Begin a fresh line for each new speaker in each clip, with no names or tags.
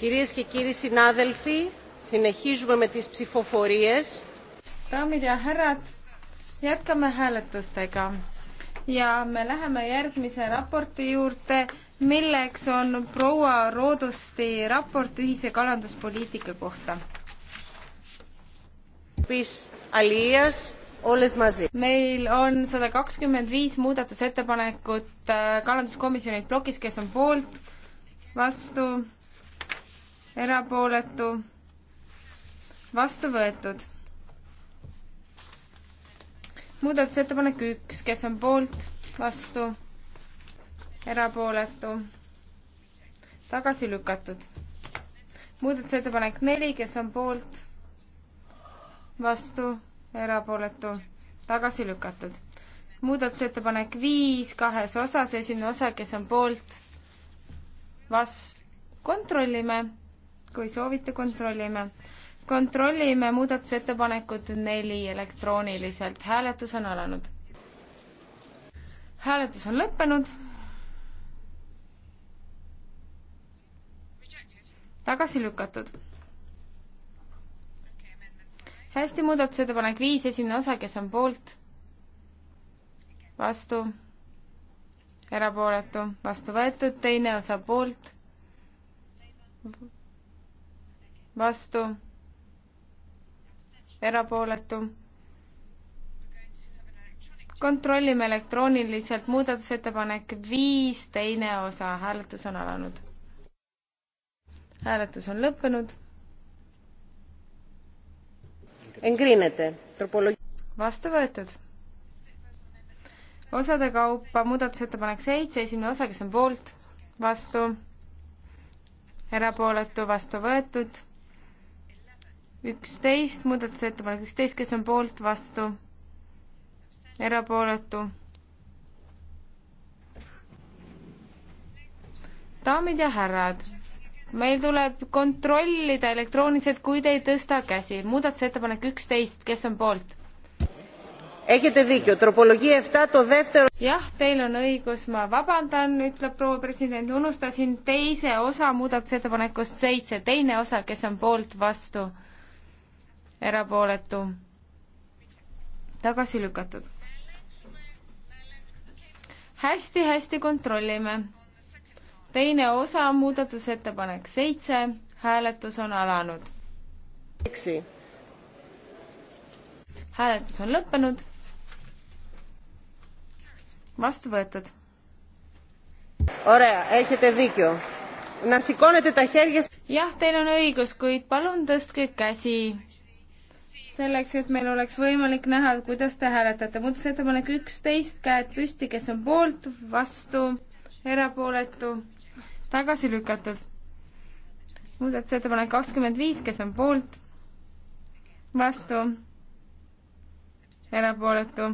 Κυρίες και κύριοι συνάδελφοι, συνεχίζουμε με τις ψηφοφορίες. Daamid ja härrad, jätkame
hääletustega ja me läheme järgmise raporti juurde, milleks on proua Roodusti raport ühise kalanduspoliitika kohta.
meil on
sada kakskümmend viis muudatusettepanekut äh, kalanduskomisjonilt plokis, kes on poolt, vastu erapooletu, vastu võetud. muudatusettepanek üks, kes on poolt, vastu, erapooletu, tagasi lükatud. muudatusettepanek neli, kes on poolt, vastu, erapooletu, tagasi lükatud. muudatusettepanek viis kahes osas, esimene osa, kes on poolt, vastu, kontrollime kui soovite, kontrollime. kontrollime muudatusettepanekut neli elektrooniliselt, hääletus on alanud. hääletus on lõppenud. tagasi lükatud hästi, muudatusettepanek viis, esimene osa, kes on poolt? vastu? erapooletu, vastu võetud, teine osa poolt? vastu, erapooletu. kontrollime elektrooniliselt muudatusettepanek viis, teine osa, hääletus on alanud. hääletus on lõppenud. vastu võetud osade kaupa muudatusettepanek seitse, esimene osa, kes on poolt, vastu, erapooletu, vastu võetud üksteist, muudatusettepanek üksteist, kes on poolt, vastu, erapooletu. daamid ja härrad, meil tuleb kontrollida elektrooniliselt, kui te ei tõsta käsi. muudatusettepanek üksteist, kes on poolt? jah, teil on õigus, ma vabandan, ütleb proua president, unustasin teise osa muudatusettepanekust seitse, teine osa, kes on poolt, vastu erapooletu, tagasi lükatud hästi,. hästi-hästi kontrollime. teine osa, muudatusettepanek seitse, hääletus on alanud.
eksi. hääletus on lõppenud. vastu võetud.
jah, teil on õigus, kuid palun tõstke käsi selleks, et meil oleks võimalik näha, kuidas te hääletate. muudatusettepanek üksteist, käed püsti, kes on poolt, vastu, erapooletu, tagasi lükatud. muudatusettepanek kakskümmend viis, kes on poolt, vastu, erapooletu.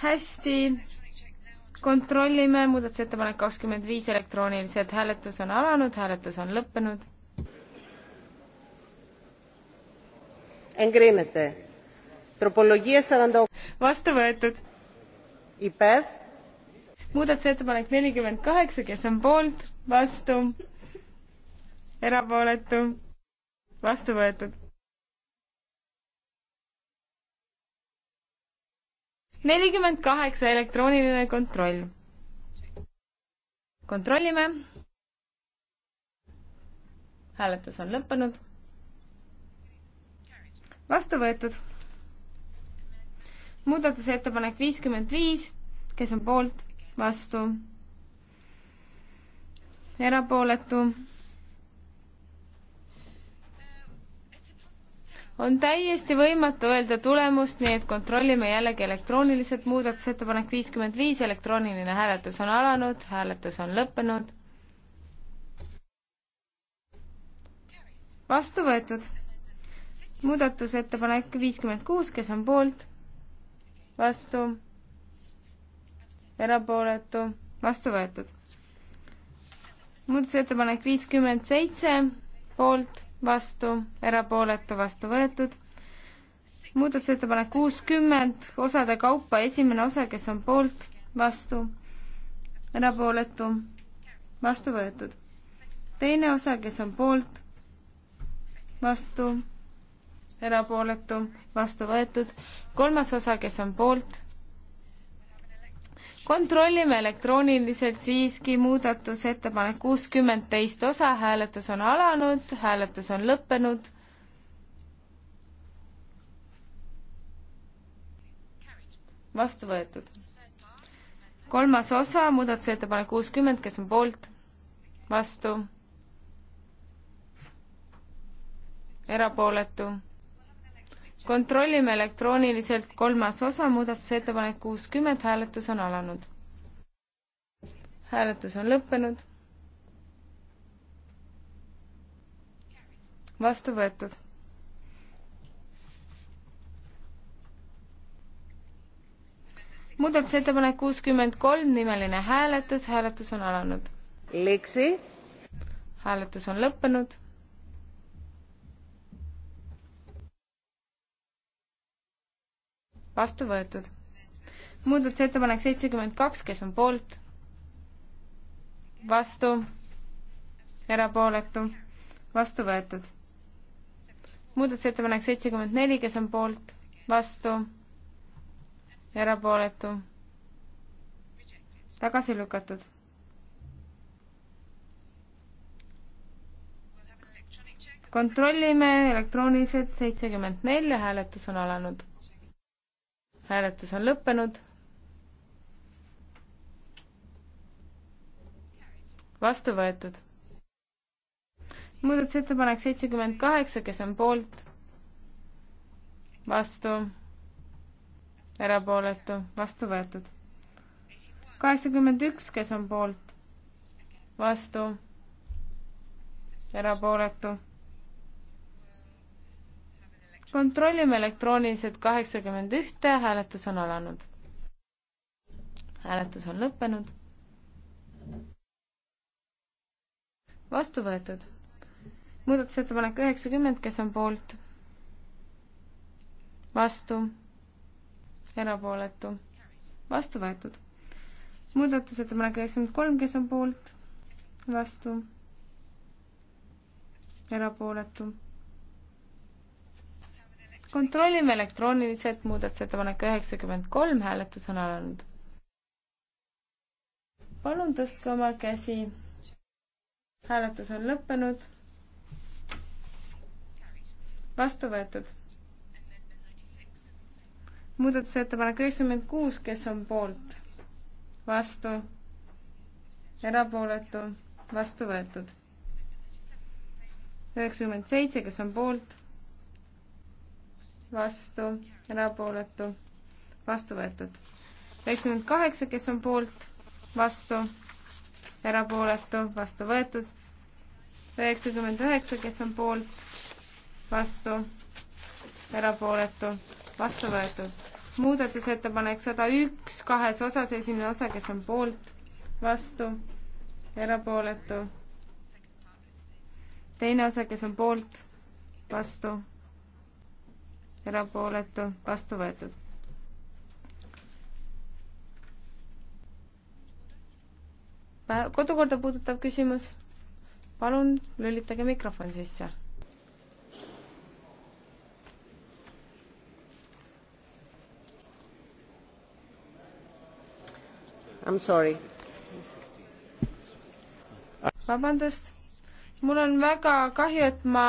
hästi, kontrollime muudatusettepanek kakskümmend viis elektrooniliselt, hääletus on alanud, hääletus on lõppenud
Εγκρίνεται. Τροπολογία 48. Vastu võetud. Υπέρ. Muudatusettepanek
48, kes on poolt, vastu, erapooletu, vastu võetud. nelikümmend kaheksa elektrooniline kontroll. kontrollime. hääletus on lõppenud vastu võetud. muudatusettepanek viiskümmend viis, kes on poolt, vastu, erapooletu. on täiesti võimatu öelda tulemust, nii et kontrollime jällegi elektrooniliselt, muudatusettepanek viiskümmend viis, elektrooniline hääletus on alanud, hääletus on lõppenud. vastu võetud muudatusettepanek viiskümmend kuus, kes on poolt, vastu, erapooletu, vastu võetud. muudatusettepanek viiskümmend seitse, poolt, vastu, erapooletu, vastu võetud. muudatusettepanek kuuskümmend, osade kaupa esimene osa, kes on poolt, vastu, erapooletu, vastu võetud. teine osa, kes on poolt, vastu erapooletu, vastu võetud. kolmas osa, kes on poolt? kontrollime elektrooniliselt siiski muudatusettepanek kuuskümmend teist osa, hääletus on alanud, hääletus on lõppenud. vastu võetud. kolmas osa, muudatusettepanek kuuskümmend, kes on poolt? vastu erapooletu kontrollime elektrooniliselt kolmas osa, muudatusettepanek kuuskümmend, hääletus on alanud. hääletus on lõppenud. vastu võetud. muudatusettepanek kuuskümmend kolm, nimeline hääletus, hääletus on alanud. Leksi. hääletus on lõppenud vastu võetud. muudatusettepanek seitsekümmend kaks, kes on poolt, vastu, erapooletu, vastu võetud. muudatusettepanek seitsekümmend neli, kes on poolt, vastu, erapooletu, tagasi lükatud. kontrollime elektrooniliselt seitsekümmend neli, hääletus on alanud hääletus on lõppenud. vastu võetud. muudatusettepanek seitsekümmend kaheksa, kes on poolt? vastu? erapooletu, vastu võetud. kaheksakümmend üks, kes on poolt? vastu? erapooletu kontrollime elektrooniliselt kaheksakümmend ühte, hääletus on alanud. hääletus on lõppenud. vastu võetud. muudatusettepanek üheksakümmend, kes on poolt? vastu, erapooletu, vastu võetud. muudatusettepanek üheksakümmend kolm, kes on poolt? vastu, erapooletu kontrollime elektrooniliselt muudatusettepaneku üheksakümmend kolm, hääletus on alanud. palun tõstke oma käsi. hääletus on lõppenud. vastu võetud. muudatusettepanek üheksakümmend kuus, kes on poolt? vastu? erapooletu? vastu võetud. üheksakümmend seitse, kes on poolt? vastu, erapooletu, vastu võetud. üheksakümmend kaheksa, kes on poolt, vastu, erapooletu, vastu võetud. üheksakümmend üheksa, kes on poolt, vastu, erapooletu, vastu võetud. muudatusettepanek sada üks, kahes osas, esimene osa, kes on poolt, vastu, erapooletu. teine osa, kes on poolt, vastu erapooletu, vastu võetud. kodukorda puudutav küsimus. palun lülitage mikrofon sisse. I m sorry. vabandust, mul on väga kahju, et ma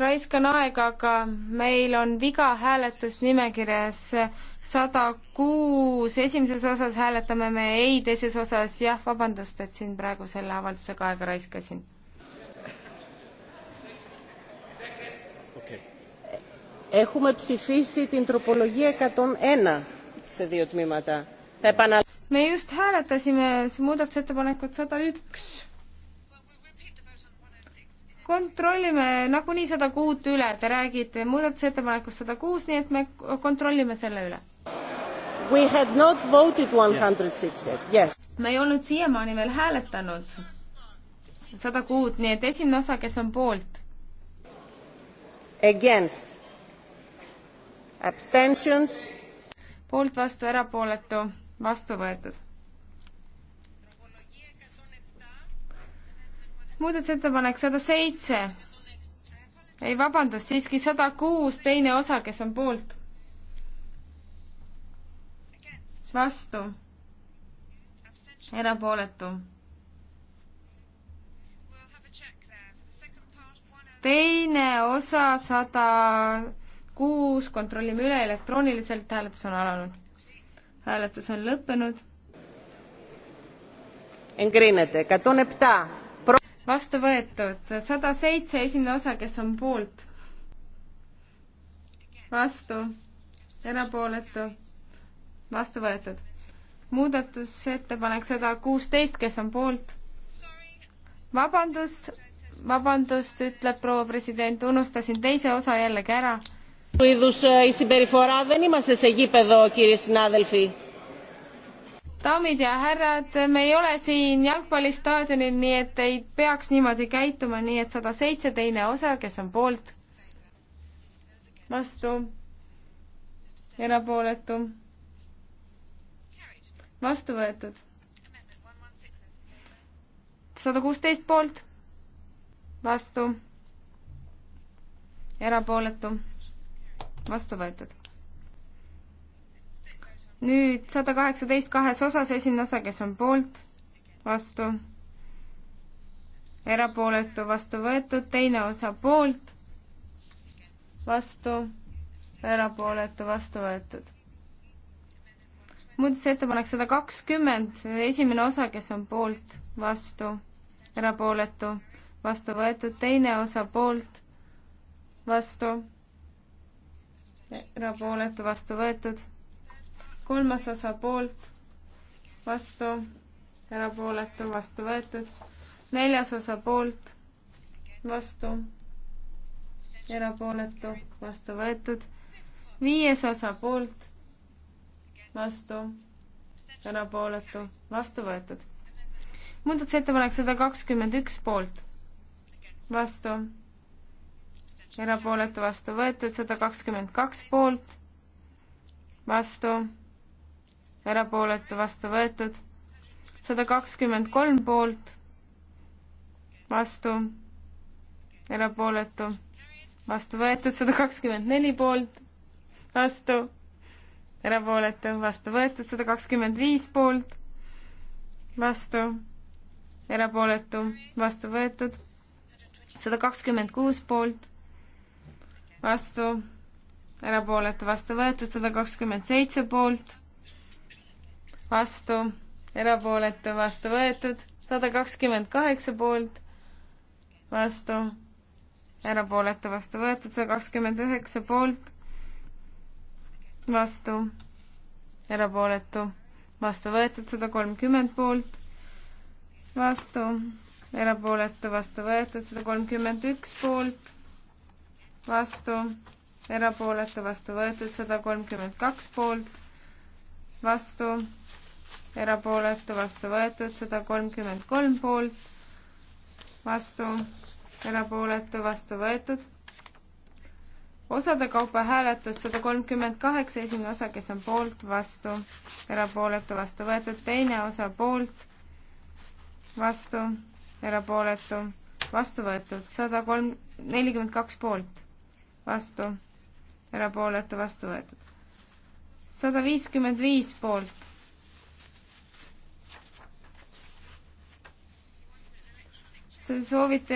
raiskan aega, aga meil on viga hääletusnimekirjas sada kuus, esimeses osas hääletame me ei, teises osas jah, vabandust, et siin praegu selle avaldusega aega raiskasin.
Έχουμε ψηφίσει την τροπολογία 101 σε δύο τμήματα. Θα επανα...
Me just hääletasime muudatusettepanekut sada üks kontrollime nagunii sada kuut üle, te räägite muudatusettepanekust sada kuus, nii et me kontrollime selle üle.
We had not voted one hundred six yet, yes. me
ei olnud siiamaani veel hääletanud sada kuut, nii et esimene osa, kes on poolt? Against. Abstentions. poolt, vastu, erapooletu, vastu võetud muudatusettepanek sada seitse. ei, vabandust, siiski sada kuus, teine osa, kes on poolt? vastu. erapooletu. teine osa sada kuus, kontrollime üle elektrooniliselt, hääletus on alanud. hääletus on lõppenud.
Engrinete, katuneb ta
vastu võetud, sada seitse, esimene osa, kes on poolt? vastu, erapooletu, vastu võetud. muudatusettepanek sada kuusteist, kes on poolt? vabandust, vabandust, ütleb proua president, unustasin teise osa jällegi ära.
Του είδους η συμπεριφορά δεν είμαστε σε γήπεδο κύριε συνάδελφοι
daamid ja härrad, me ei ole siin jalgpallistaadionil, nii et ei peaks niimoodi käituma, nii et sada seitse teine osa, kes on poolt, vastu, erapooletu, vastu võetud. sada kuusteist poolt, vastu, erapooletu, vastu võetud nüüd sada kaheksateist kahes osas, esimene osa, kes on poolt, vastu, erapooletu, vastu võetud, teine osa poolt, vastu, erapooletu, vastu võetud. muudatusettepanek sada kakskümmend, esimene osa, kes on poolt, vastu, erapooletu, vastu võetud, teine osa poolt, vastu, erapooletu, vastu võetud kolmas osa poolt, vastu, erapooletu, vastu võetud. neljas osa poolt, vastu, erapooletu, vastu võetud. viies osa poolt, vastu, erapooletu, vastu võetud. muudatusettepanek sada kakskümmend üks poolt, vastu, erapooletu, vastu võetud, sada kakskümmend kaks poolt, vastu erapooletu vastu võetud, sada kakskümmend kolm poolt, vastu, erapooletu, vastu võetud, sada kakskümmend neli poolt, vastu, erapooletu, vastu võetud, sada kakskümmend viis poolt, vastu, erapooletu, vastu võetud, sada kakskümmend kuus poolt, vastu, erapooletu, vastu võetud, sada kakskümmend seitse poolt vastu, erapooletu, vastu võetud, sada kakskümmend kaheksa poolt, vastu, erapooletu, vastu võetud, sada kakskümmend üheksa poolt, vastu, erapooletu, vastu võetud, sada kolmkümmend poolt, vastu, erapooletu, vastu võetud, sada kolmkümmend üks poolt, vastu, erapooletu, vastu võetud, sada kolmkümmend kaks poolt, vastu, erapooletu, vastu võetud, sada kolmkümmend kolm poolt, vastu, erapooletu, vastu võetud. osade kaupa hääletus sada kolmkümmend kaheksa, esimene osa, kes on poolt, vastu, erapooletu, vastu võetud, teine osa poolt, vastu, erapooletu, vastu võetud, sada kolm, nelikümmend kaks poolt, vastu, erapooletu, vastu võetud. sada viiskümmend viis poolt soovite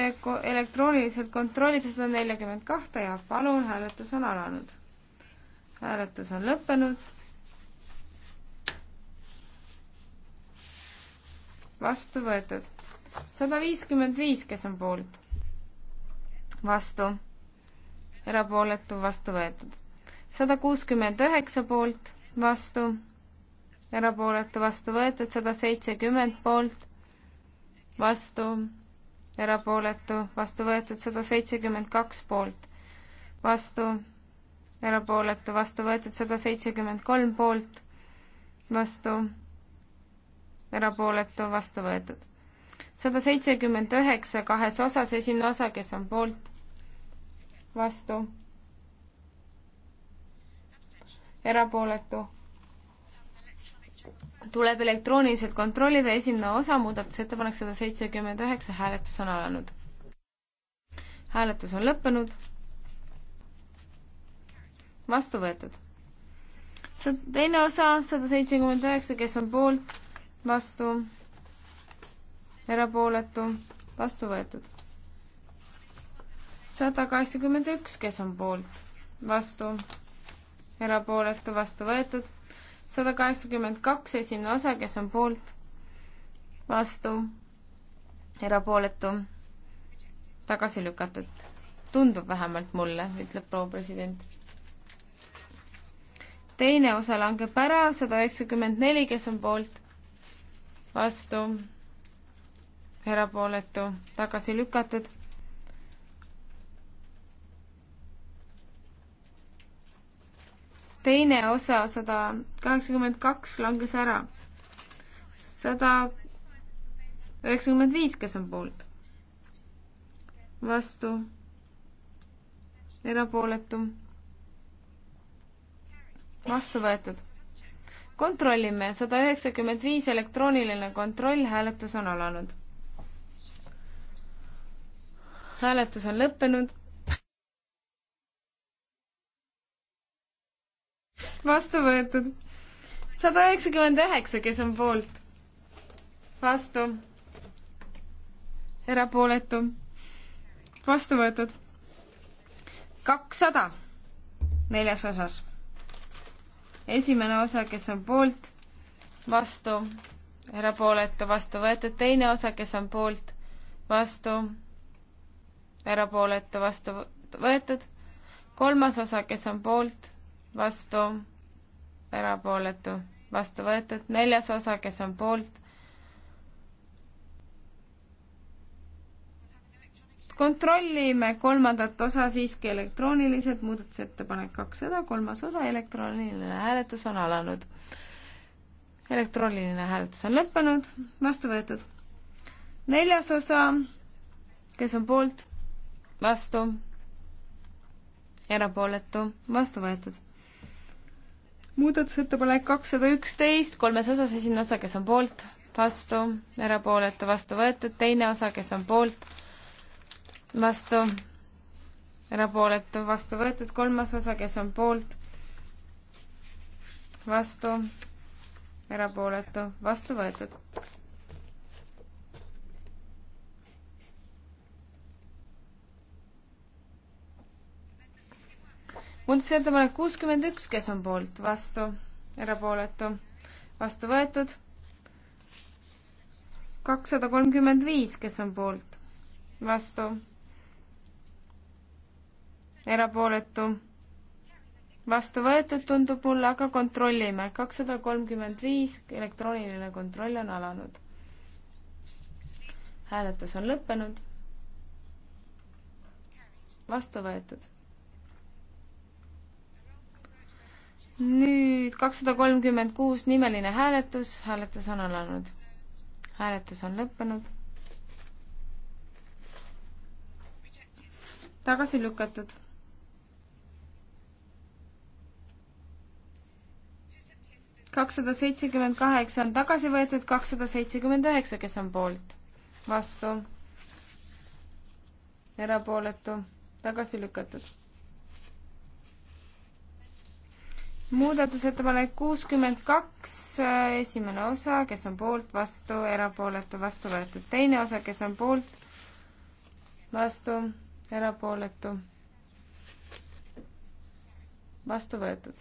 elektrooniliselt kontrollida sada neljakümmet kahte ja palun, hääletus on alanud. hääletus on lõppenud. vastu võetud. sada viiskümmend viis, kes on poolt? vastu. erapooletu, vastu võetud. sada kuuskümmend üheksa poolt, vastu. erapooletu, vastu võetud, sada seitsekümmend poolt, vastu erapooletu, vastu võetud sada seitsekümmend kaks poolt, vastu, erapooletu, vastu võetud sada seitsekümmend kolm poolt, vastu, erapooletu, vastu võetud. sada seitsekümmend üheksa kahes osas, esimene osa, kes on poolt, vastu, erapooletu tuleb elektrooniliselt kontrollida, esimene osa, muudatusettepanek sada seitsekümmend üheksa, hääletus on alanud. hääletus on lõppenud. vastu võetud. teine osa, sada seitsekümmend üheksa, kes on poolt, vastu, erapooletu, vastu võetud. sada kaheksakümmend üks, kes on poolt, vastu, erapooletu, vastu võetud sada kaheksakümmend kaks, esimene osa, kes on poolt, vastu, erapooletu, tagasi lükatud. tundub vähemalt mulle, ütleb proua president. teine osa langeb ära, sada üheksakümmend neli, kes on poolt, vastu, erapooletu, tagasi lükatud teine osa, sada kaheksakümmend kaks, langes ära. sada üheksakümmend viis, kes on poolt? vastu? erapooletu? vastu võetud. kontrollime, sada üheksakümmend viis elektrooniline kontroll, hääletus on alanud. hääletus on lõppenud vastu võetud. sada üheksakümmend üheksa, kes on poolt? vastu. erapooletu. vastu võetud. kakssada, neljas osas. esimene osa, kes on poolt, vastu, erapooletu, vastu võetud, teine osa, kes on poolt, vastu, erapooletu, vastu võetud, kolmas osa, kes on poolt vastu, erapooletu, vastu võetud, neljas osa, kes on poolt. kontrollime kolmandat osa siiski elektrooniliselt, muudatusettepanek kakssada, kolmas osa, elektrooniline hääletus on alanud. elektrooniline hääletus on lõppenud, vastu võetud. neljas osa, kes on poolt, vastu, erapooletu, vastu võetud muudatusettepanek kakssada üksteist, kolmes osas, esimene osa, kes on poolt, vastu, erapooletu, vastu võetud, teine osa, kes on poolt, vastu, erapooletu, vastu võetud, kolmas osa, kes on poolt, vastu, erapooletu, vastu võetud. muudatusettepanek kuuskümmend üks, kes on poolt, vastu, erapooletu, vastu võetud. kakssada kolmkümmend viis, kes on poolt, vastu, erapooletu, vastu võetud, tundub mulle, aga kontrollime. kakssada kolmkümmend viis, elektrooniline kontroll on alanud. hääletus on lõppenud. vastu võetud nüüd kakssada kolmkümmend kuus nimeline hääletus, hääletus on alanud. hääletus on lõppenud. tagasi lükatud. kakssada seitsekümmend kaheksa on tagasi võetud, kakssada seitsekümmend üheksa, kes on poolt, vastu, erapooletu, tagasi lükatud muudatusettepanek kuuskümmend kaks, äh, esimene osa, kes on poolt, vastu, erapooletu, vastu võetud. teine osa, kes on poolt, vastu, erapooletu, vastu võetud.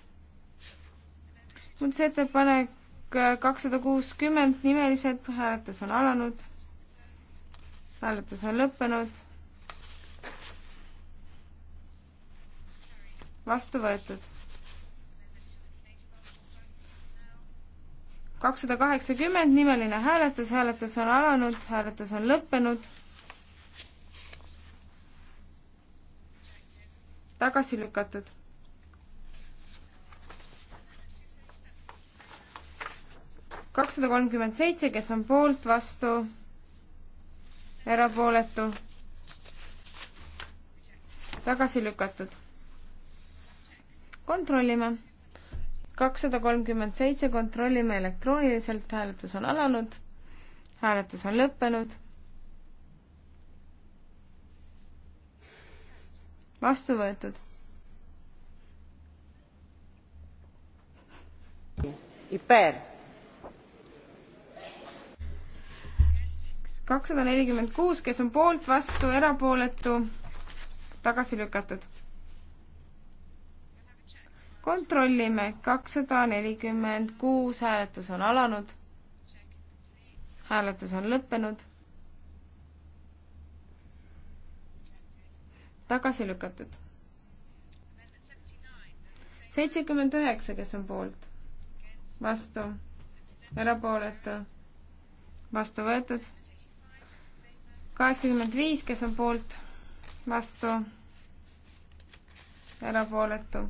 muudatusettepanek äh, kakssada kuuskümmend nimeliselt, hääletus on alanud, hääletus on lõppenud, vastu võetud kakssada kaheksakümmend, nimeline hääletus, hääletus on alanud, hääletus on lõppenud. tagasi lükatud. kakssada kolmkümmend seitse, kes on poolt, vastu, erapooletu, tagasi lükatud. kontrollime kakssada kolmkümmend seitse, kontrollime elektrooniliselt, hääletus on alanud, hääletus on lõppenud.
vastu võetud. Iper.
kakssada nelikümmend kuus, kes on poolt, vastu, erapooletu, tagasi lükatud kontrollime, kakssada nelikümmend kuus hääletus on alanud. hääletus on lõppenud. tagasi lükatud. seitsekümmend üheksa, kes on poolt, vastu, erapooletu, vastu võetud. kaheksakümmend viis, kes on poolt, vastu, erapooletu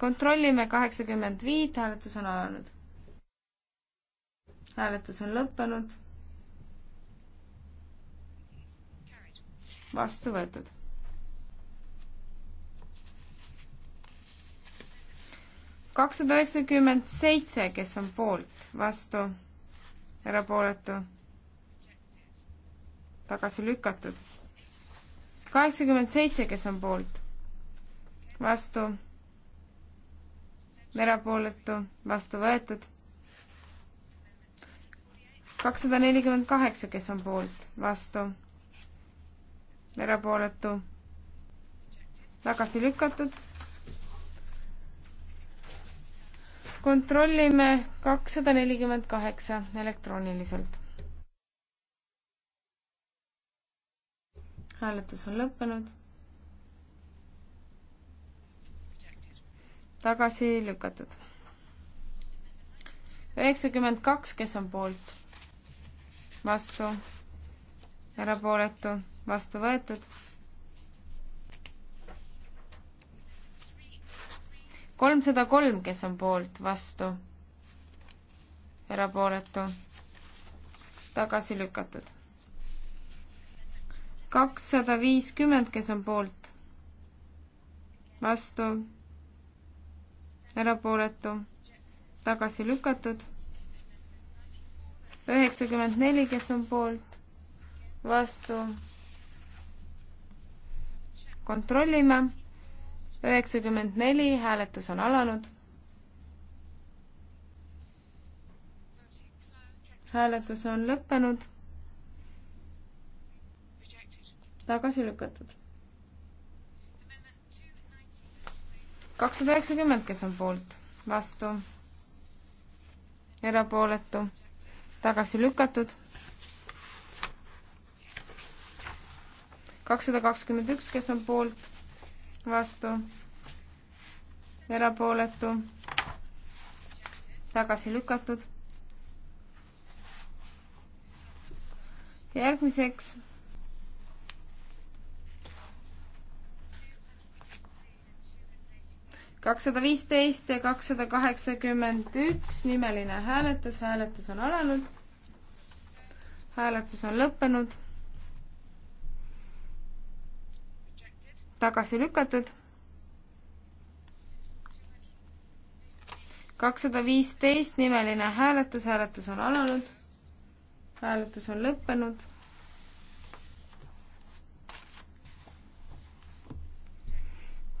kontrollime kaheksakümmend viit, hääletus on alanud. hääletus on lõppenud. vastu võetud. kakssada üheksakümmend seitse, kes on poolt, vastu, erapooletu, tagasi lükatud. kaheksakümmend seitse, kes on poolt, vastu erapooletu, vastu võetud. kakssada nelikümmend kaheksa, kes on poolt, vastu, erapooletu, tagasi lükatud. kontrollime kakssada nelikümmend kaheksa elektrooniliselt. hääletus on lõppenud tagasi lükatud. üheksakümmend kaks, kes on poolt? vastu, erapooletu, vastu võetud. kolmsada kolm, kes on poolt, vastu, erapooletu, tagasi lükatud. kakssada viiskümmend, kes on poolt, vastu erapooletu, tagasi lükatud. üheksakümmend neli, kes on poolt, vastu. kontrollime. üheksakümmend neli, hääletus on alanud. hääletus on lõppenud. tagasi lükatud kakssada üheksakümmend, kes on poolt, vastu, erapooletu, tagasi lükatud. kakssada kakskümmend üks, kes on poolt, vastu, erapooletu, tagasi lükatud. järgmiseks kakssada viisteist ja kakssada kaheksakümmend üks nimeline hääletus, hääletus on alanud. hääletus on lõppenud. tagasi lükatud. kakssada viisteist nimeline hääletus, hääletus on alanud. hääletus on lõppenud.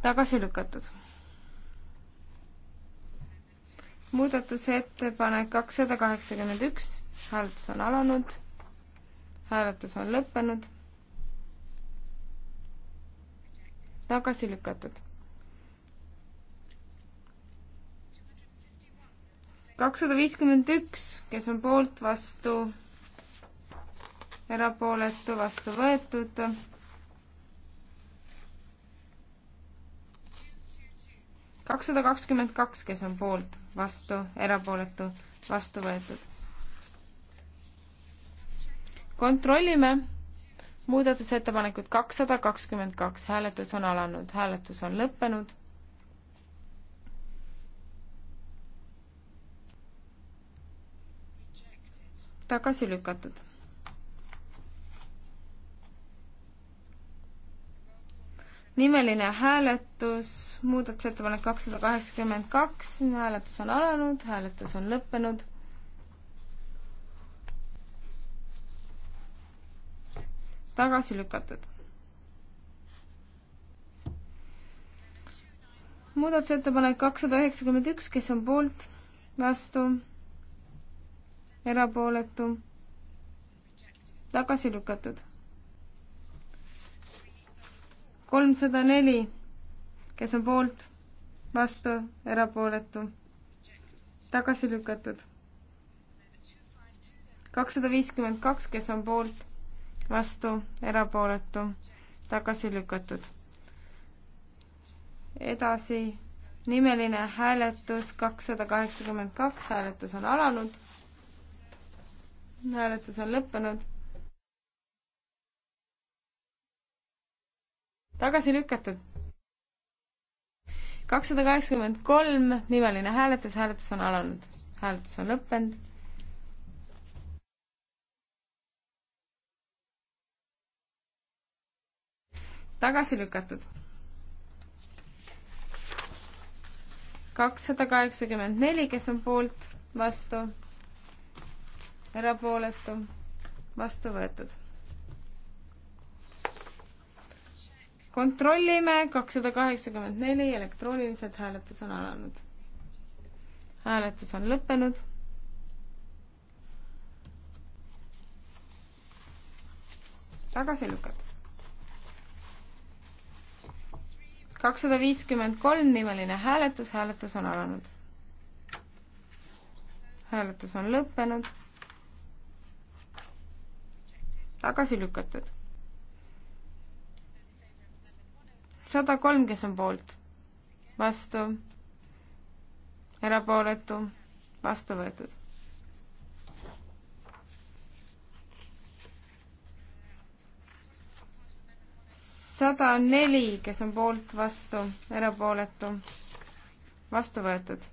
tagasi lükatud muudatusettepanek kakssada kaheksakümmend üks, hääletus on alanud, hääletus on lõppenud, tagasi lükatud. kakssada viiskümmend üks, kes on poolt, vastu, erapooletu, vastu võetud kakssada kakskümmend kaks, kes on poolt, vastu, erapooletu, vastu võetud. kontrollime muudatusettepanekut kakssada kakskümmend kaks, hääletus on alanud, hääletus on lõppenud. tagasi lükatud nimeline hääletus, muudatusettepanek kakssada kaheksakümmend kaks, hääletus on alanud, hääletus on lõppenud. tagasi lükatud. muudatusettepanek kakssada üheksakümmend üks, kes on poolt, vastu, erapooletu, tagasi lükatud kolmsada neli, kes on poolt, vastu, erapooletu, tagasi lükatud. kakssada viiskümmend kaks, kes on poolt, vastu, erapooletu, tagasi lükatud. edasi nimeline hääletus kakssada kaheksakümmend kaks, hääletus on alanud. hääletus on lõppenud. tagasi lükatud. kakssada kaheksakümmend kolm, nimeline hääletus, hääletus on alanud, hääletus on lõppenud. tagasi lükatud. kakssada kaheksakümmend neli, kes on poolt, vastu, erapooletu, vastu võetud kontrollime, kakssada kaheksakümmend neli, elektrooniliselt hääletus on alanud. hääletus on lõppenud. tagasi lükatud. kakssada viiskümmend kolm nimeline hääletus, hääletus on alanud. hääletus on lõppenud. tagasi lükatud sada kolm, kes on poolt, vastu, erapooletu, vastu võetud. sada neli, kes on poolt, vastu, erapooletu, vastu võetud.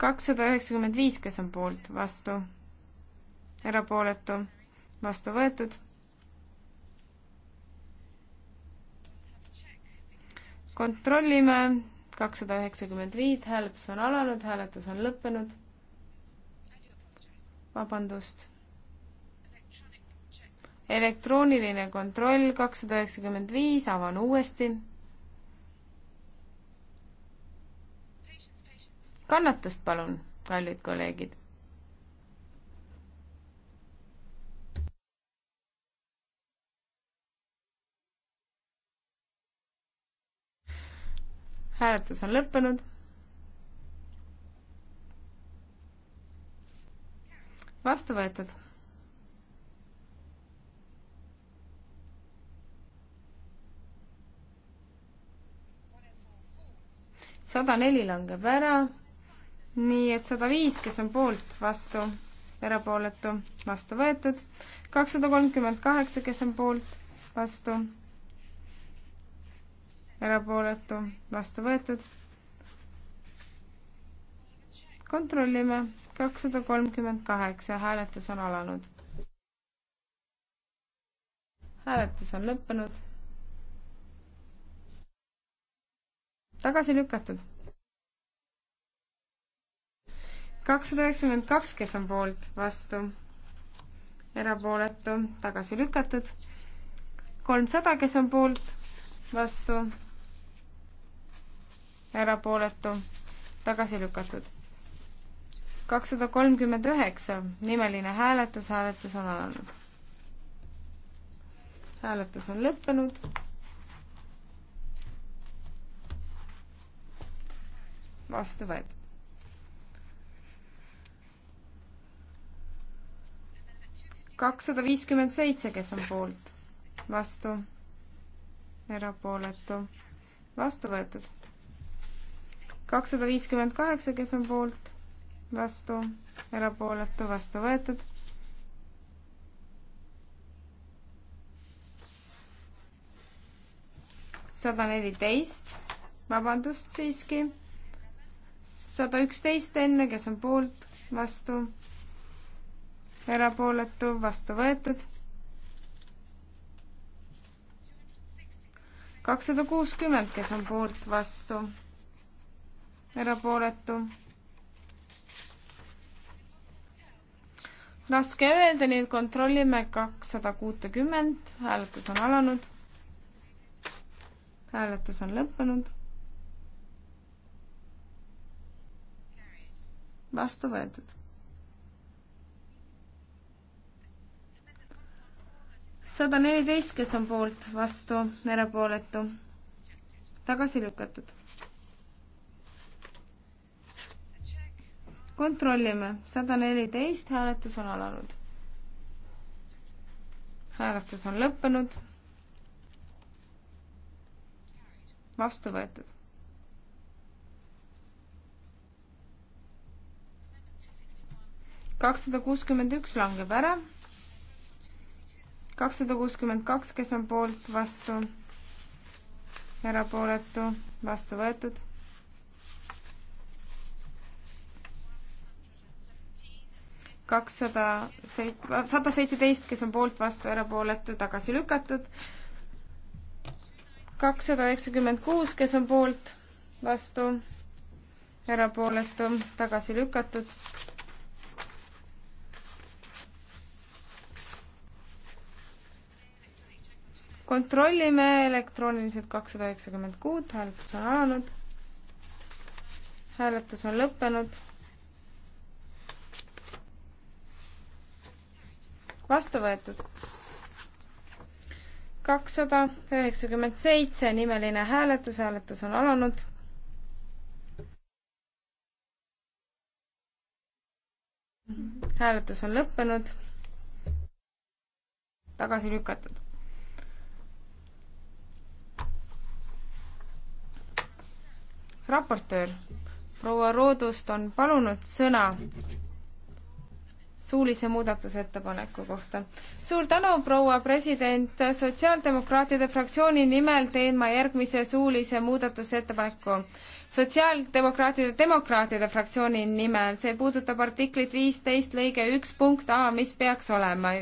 kakssada üheksakümmend viis, kes on poolt, vastu, erapooletu, vastu võetud kontrollime, kakssada üheksakümmend viis, hääletus on alanud, hääletus on lõppenud. vabandust. elektrooniline kontroll kakssada üheksakümmend viis, avan uuesti. kannatust palun, kallid kolleegid. hääletus on lõppenud. vastu võetud. sada neli langeb ära, nii et sada viis, kes on poolt, vastu, erapooletu, vastu võetud, kakssada kolmkümmend kaheksa, kes on poolt, vastu erapooletu, vastu võetud. kontrollime, kakssada kolmkümmend kaheksa, hääletus on alanud. hääletus on lõppenud. tagasi lükatud. kakssada üheksakümmend kaks, kes on poolt, vastu, erapooletu, tagasi lükatud. kolmsada, kes on poolt, vastu erapooletu, tagasi lükatud. kakssada kolmkümmend üheksa, nimeline hääletus, hääletus on alanud. hääletus on lõppenud. vastu võetud. kakssada viiskümmend seitse, kes on poolt, vastu, erapooletu, vastu võetud kakssada viiskümmend kaheksa, kes on poolt, vastu, erapooletu, vastu võetud. sada neliteist, vabandust siiski, sada üksteist enne, kes on poolt, vastu, erapooletu, vastu võetud. kakssada kuuskümmend, kes on poolt, vastu erapooletu. raske öelda, nii et kontrollime kakssada kuutekümmend, hääletus on alanud. hääletus on lõppenud. vastu võetud. sada neliteist, kes on poolt, vastu, erapooletu, tagasi lükatud kontrollime, sada neliteist, hääletus on alanud. hääletus on lõppenud. vastu võetud. kakssada kuuskümmend üks langeb ära. kakssada kuuskümmend kaks, kes on poolt, vastu, erapooletu, vastu võetud kakssada seit-, sada seitseteist, kes on poolt, vastu, erapooletu, tagasi lükatud. kakssada üheksakümmend kuus, kes on poolt, vastu, erapooletu, tagasi lükatud. kontrollime elektrooniliselt kakssada üheksakümmend kuut, hääletus on alanud. hääletus on lõppenud vastu võetud. kakssada üheksakümmend seitse nimeline hääletus, hääletus on alanud. hääletus on lõppenud. tagasi lükatud raportöör proua Roodust on palunud sõna suulise muudatusettepaneku kohta. suur tänu, proua president, Sotsiaaldemokraatide fraktsiooni nimel teen ma järgmise suulise muudatusettepaneku. sotsiaaldemokraatide demokraatide fraktsiooni nimel, see puudutab artiklit viisteist lõige üks punkt A, mis peaks olema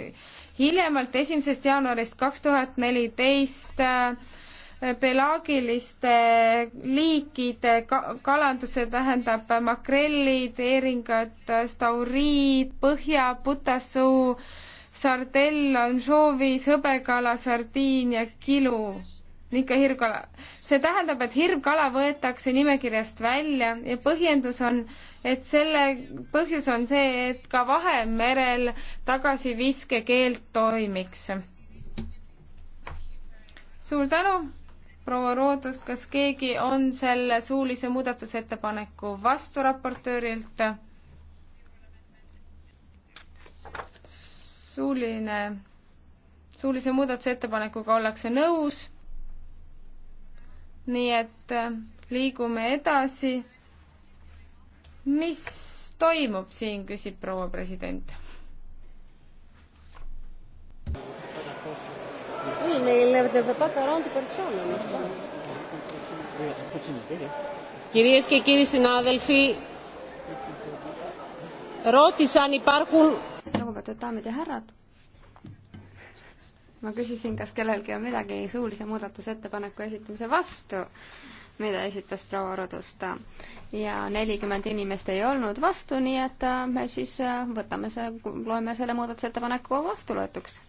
hiljemalt esimesest jaanuarist kaks tuhat neliteist äh, pelaagiliste liikide ka-, kalanduse tähendab makrellid, eeringad, stauriid, põhja, putasuu, sardell, anšoovis, hõbekala, sardiin ja kilu. ikka hirvkala. see tähendab, et hirvkala võetakse nimekirjast välja ja põhjendus on, et selle põhjus on see, et ka Vahemerel tagasiviskekeeld toimiks. suur tänu! proua Roodus, kas keegi on selle suulise muudatusettepaneku vastu raportöörilt? suuline, suulise muudatusettepanekuga ollakse nõus. nii et äh, liigume edasi. mis toimub siin, küsib proua president.
Oui, mais il n'avait pas 40 personnes, n'est-ce pas Κυρίες και κύριοι συνάδελφοι,
ρώτησα αν υπάρχουν... Lugupeetud daamid ja härrad, ma küsisin, kas kellelgi on midagi suulise muudatusettepaneku esitamise vastu, mida esitas proua Rodust. ja nelikümmend inimest ei olnud vastu, nii et äh, me siis äh, võtame see, loeme selle muudatusettepaneku vastulõetuks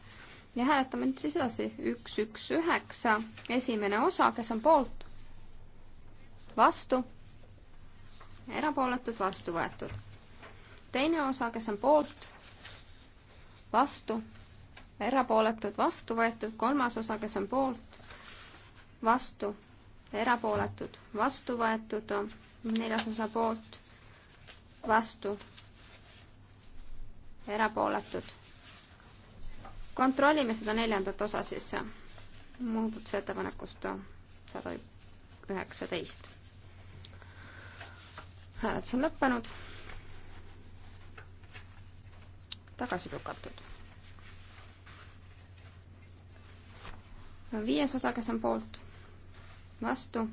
ja hääletame nüüd siis edasi. üks, üks, üheksa, esimene osa, kes on poolt? vastu? erapooletud, vastu võetud. teine osa, kes on poolt? vastu? erapooletud, vastu võetud. kolmas osa, kes on poolt? vastu? erapooletud, vastu võetud. neljas osa poolt? vastu? erapooletud kontrollime seda neljandat osa siis muudatusettepanekust sada üheksateist. hääletus on lõppenud. tagasi lükatud. viies osa, kes on poolt, vastu,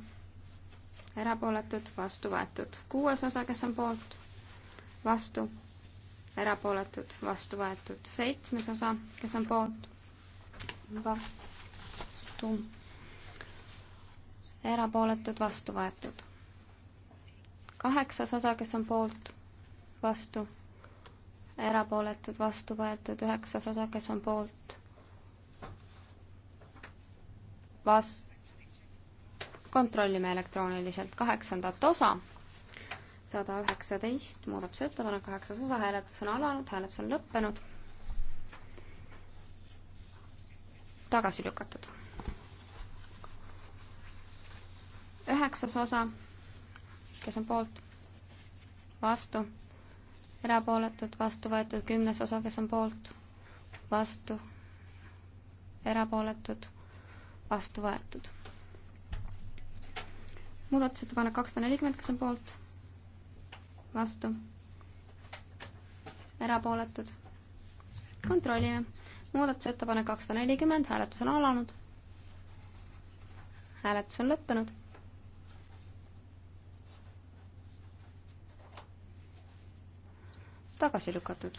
erapooletud, vastu võetud. kuues osa, kes on poolt, vastu erapooletud, vastu võetud. seitsmes osa, kes on poolt, vastu, erapooletud, vastu võetud. kaheksas osa, kes on poolt, vastu, erapooletud, vastu võetud. üheksas osa, kes on poolt, vastu, kontrollime elektrooniliselt kaheksandat osa sada üheksateist, muudatusettepanek kaheksas osa, hääletus on alanud, hääletus on lõppenud. tagasi lükatud. üheksas osa, kes on poolt, vastu, erapooletud, vastu võetud, kümnes osa, kes on poolt, vastu, erapooletud, vastu võetud muudatusettepanek kakssada nelikümmend, kes on poolt? vastu, erapooletud. kontrollime. muudatusettepanek kakssada nelikümmend, hääletus on alanud. hääletus on lõppenud. tagasi lükatud.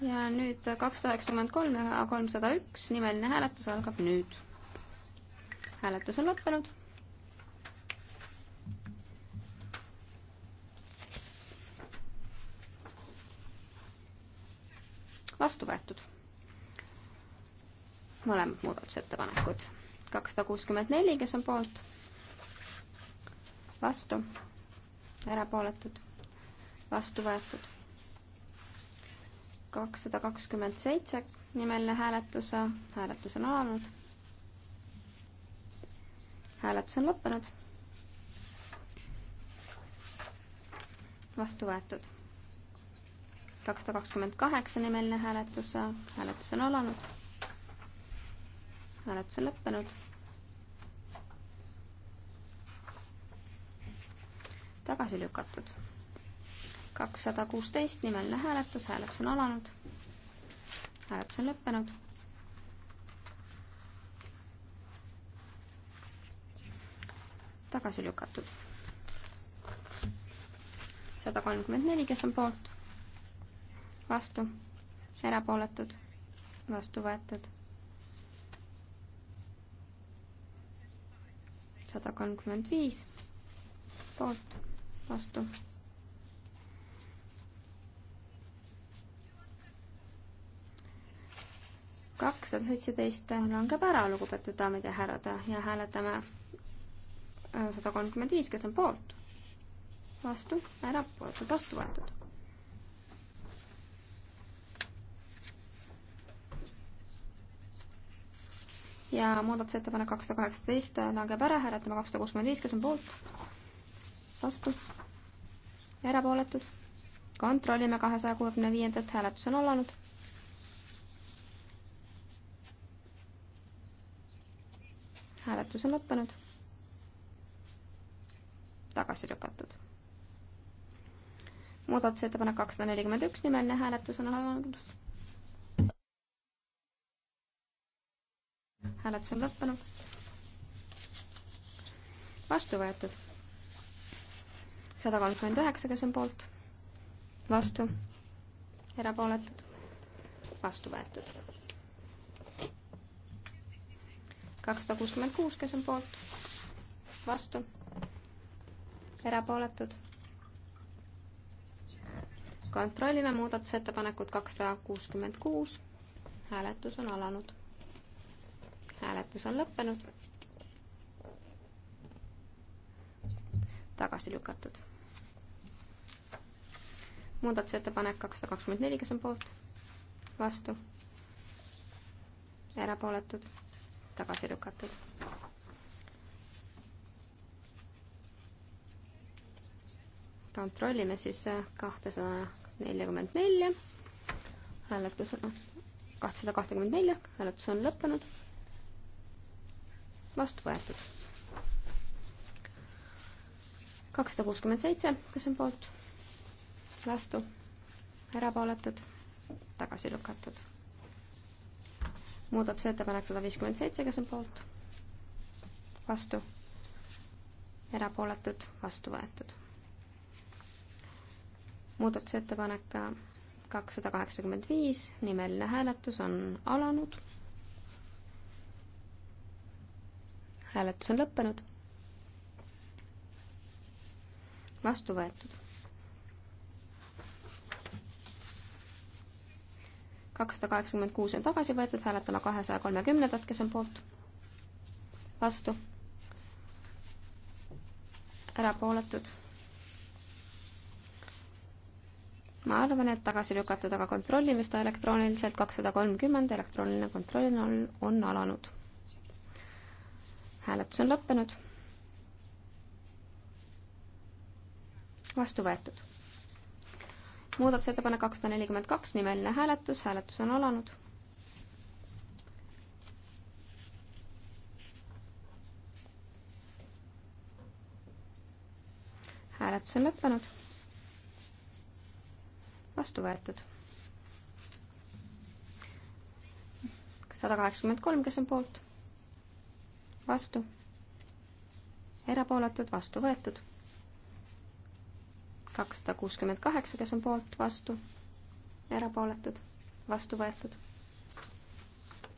ja nüüd kakssada üheksakümmend kolm ja kolmsada üks, nimeline hääletus algab nüüd. hääletus on lõppenud vastu võetud. mõlemad muudatusettepanekud, kakssada kuuskümmend neli, kes on poolt, vastu, erapooletud, vastu võetud. kakssada kakskümmend seitse, nimeline hääletus, hääletus on alanud. hääletus on lõppenud. vastu võetud kakssada kakskümmend kaheksa nimeline hääletus, hääletus on alanud. hääletus on lõppenud. tagasi lükatud. kakssada kuusteist nimeline hääletus, hääletus on alanud. hääletus on lõppenud. tagasi lükatud. sada kolmkümmend neli, kes on poolt? vastu, erapooletud, vastu võetud. sada kolmkümmend viis poolt, vastu. kakssada seitseteist langeb ära, lugupeetud daamid ja härrad, ja hääletame äh, sada kolmkümmend viis, kes on poolt, vastu, erapooletud, vastu võetud ja muudatusettepanek kakssada kaheksateist äh, langeb ära, hääletame kakssada kuuskümmend viis, kes on poolt, vastu, erapooletud. kontrollime kahesaja kuuekümne viiendat, hääletus on alanud. hääletus on lõppenud. tagasi lükatud muudatusettepanek kakssada nelikümmend üks nimeline hääletus on alanud. hääletus on lõppenud. vastu võetud. sada kolmkümmend üheksa, kes on poolt? vastu. erapooletud? vastu võetud. kakssada kuuskümmend kuus, kes on poolt? vastu. erapooletud? kontrollime muudatusettepanekut kakssada kuuskümmend kuus. hääletus on alanud hääletus on lõppenud. tagasi lükatud. muudatusettepanek kakssada kakskümmend neli, kes on poolt, vastu, erapooletud, tagasi lükatud. kontrollime siis äh, kahtesada neljakümmend nelja hääletus on, äh, kahtesada kahtekümmend nelja, hääletus on lõppenud vastu võetud. kakssada kuuskümmend seitse, kes on poolt, vastu, erapooletud, tagasi lükatud. muudatusettepanek sada viiskümmend seitse, kes on poolt, vastu, erapooletud, vastu võetud. muudatusettepanek kakssada kaheksakümmend viis, nimeline hääletus on alanud hääletus on lõppenud. vastu võetud. kakssada kaheksakümmend kuus on tagasi võetud, hääletame kahesaja kolmekümnendat, kes on poolt. vastu. erapooletud. ma arvan, et tagasi lükatud, aga kontrollime seda elektrooniliselt, kakssada kolmkümmend, elektrooniline kontroll on, on alanud hääletus on lõppenud. vastu võetud. muudatusettepanek kakssada nelikümmend kaks, nimeline hääletus, hääletus on alanud. hääletus on lõppenud. vastu võetud. sada kaheksakümmend kolm, kes on poolt vastu, erapooletud, vastu võetud. kakssada kuuskümmend kaheksa, kes on poolt, vastu, erapooletud, vastu võetud.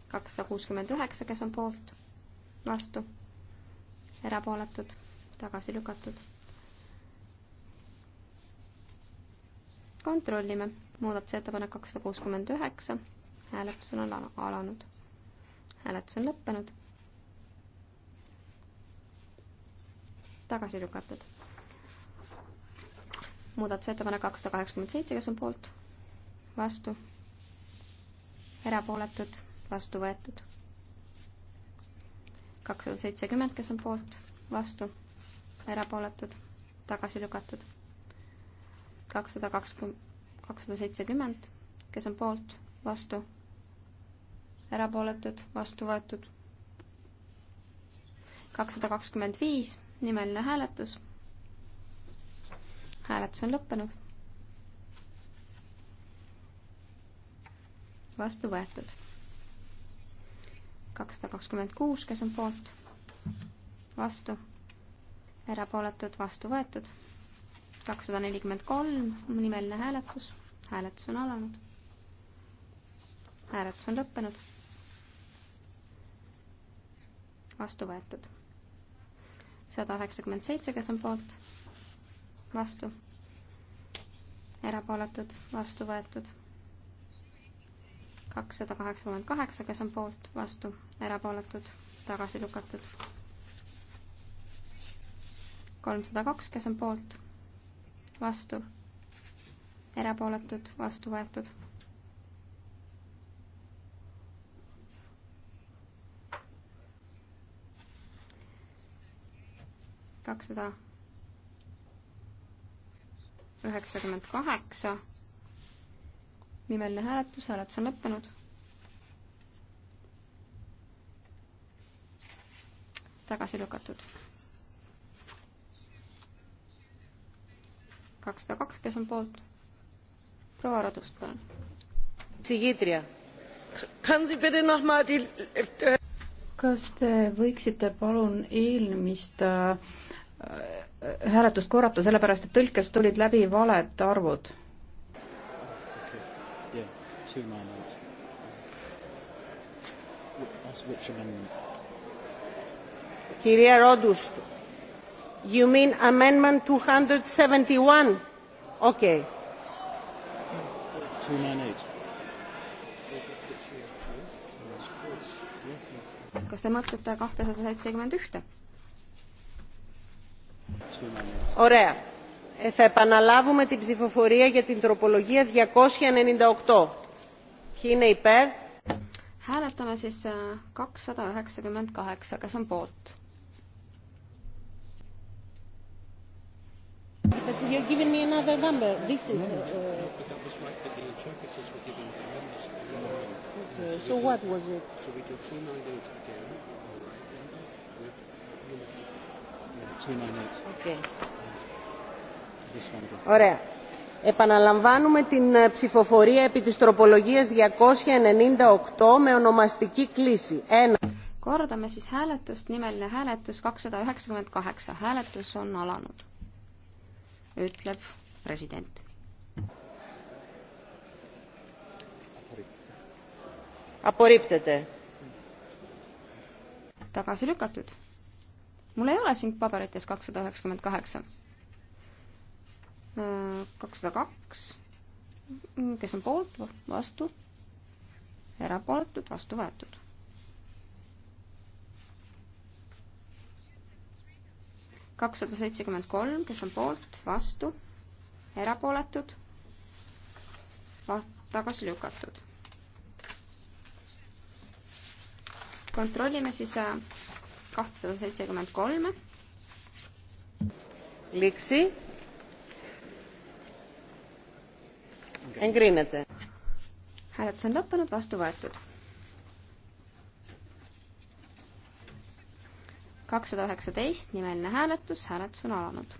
kakssada kuuskümmend üheksa, kes on poolt, vastu, erapooletud, tagasi lükatud. kontrollime muudatusettepanek kakssada kuuskümmend üheksa, hääletus on alanud. hääletus on lõppenud tagasi lükatud. muudatusettepanek kakssada kaheksakümmend seitse, kes on poolt? vastu? erapooletud? vastu võetud? kakssada seitsekümmend, kes on poolt? vastu? erapooletud? tagasi lükatud? kakssada kakskümmend, kakssada seitsekümmend, kes on poolt? vastu? erapooletud? vastu võetud? kakssada kakskümmend viis nimeline hääletus. hääletus on lõppenud. vastu võetud. kakssada kakskümmend kuus, kes on poolt, vastu, erapooletud, vastu võetud. kakssada nelikümmend kolm, nimeline hääletus, hääletus on alanud. hääletus on lõppenud. vastu võetud sada üheksakümmend seitse, kes on poolt, vastu, erapooletud, vastu võetud. kakssada kaheksakümmend kaheksa, kes on poolt, vastu, erapooletud, tagasi lükatud. kolmsada kaks, kes on poolt, vastu, erapooletud, vastu võetud kakssada üheksakümmend kaheksa. nimeline hääletus, hääletus on lõppenud. tagasi lükatud. kakssada kaks, kes on poolt? proua Radust, palun.
kas te võiksite palun eelmist äh, hääletust korrata, sellepärast et tõlkes tulid läbi valed arvud okay.. Yeah.
kirja Rodust. You mean amendment two hundred seventy one? okei. Two nine eight. kas te
mõtlete kahtesaja seitsekümmend ühte?
Ωραία. Ε, θα επαναλάβουμε την ψηφοφορία για την τροπολογία 298.
Ποιοι είναι υπέρ? Hääletame siis 298, äh, kas on poolt? But you're giving
me another number. This is... Uh, but that was right, but the interpreters were giving the numbers. Okay, so what was it? So we did 398 again, all right, with Minister Ωραία. Επαναλαμβάνουμε την ψηφοφορία επί της τροπολογίας 298 με ονομαστική κλίση. Ένα.
Kordamme siis hääletust, nimeline hääletus 298. Hääletus on alanud, ütleb president. Απορρίπτεται. Tagasi lükatud mul ei ole siin paberites kakssada üheksakümmend kaheksa. Äh, kakssada kaks, kes on poolt, vastu, erapooletud, vastu võetud. kakssada seitsekümmend kolm, kes on poolt, vastu, erapooletud, vast-, tagasi lükatud. kontrollime siis äh, kahtesada seitsekümmend kolm. Λήξη. Εγκρίνεται. Hääletus on lõppenud, vastu võetud. 219 nimeline hääletus, hääletus on alanud.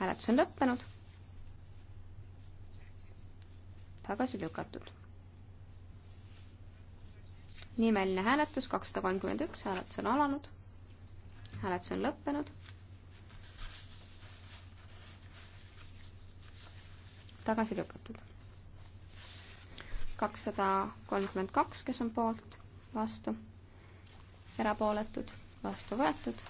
Hääletus on lõppenud. Tagasi lükatud nimeline hääletus kakssada kolmkümmend üks, hääletus on alanud, hääletus on lõppenud. tagasi lükatud. kakssada kolmkümmend kaks, kes on poolt, vastu, erapooletud, vastu võetud.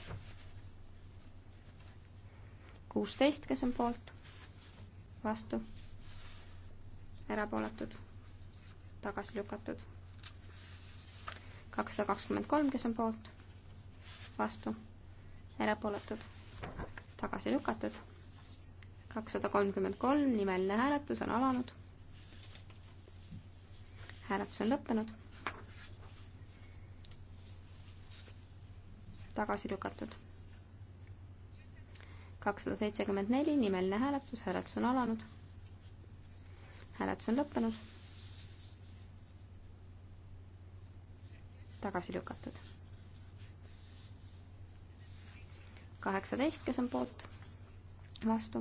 kuusteist, kes on poolt, vastu, erapooletud, tagasi lükatud kakssada kakskümmend kolm, kes on poolt, vastu, erapooletud, tagasi lükatud. kakssada kolmkümmend kolm, nimeline hääletus on alanud. hääletus on lõppenud. tagasi lükatud. kakssada seitsekümmend neli, nimeline hääletus, hääletus on alanud. hääletus on lõppenud tagasi lükatud. kaheksateist, kes on poolt, vastu,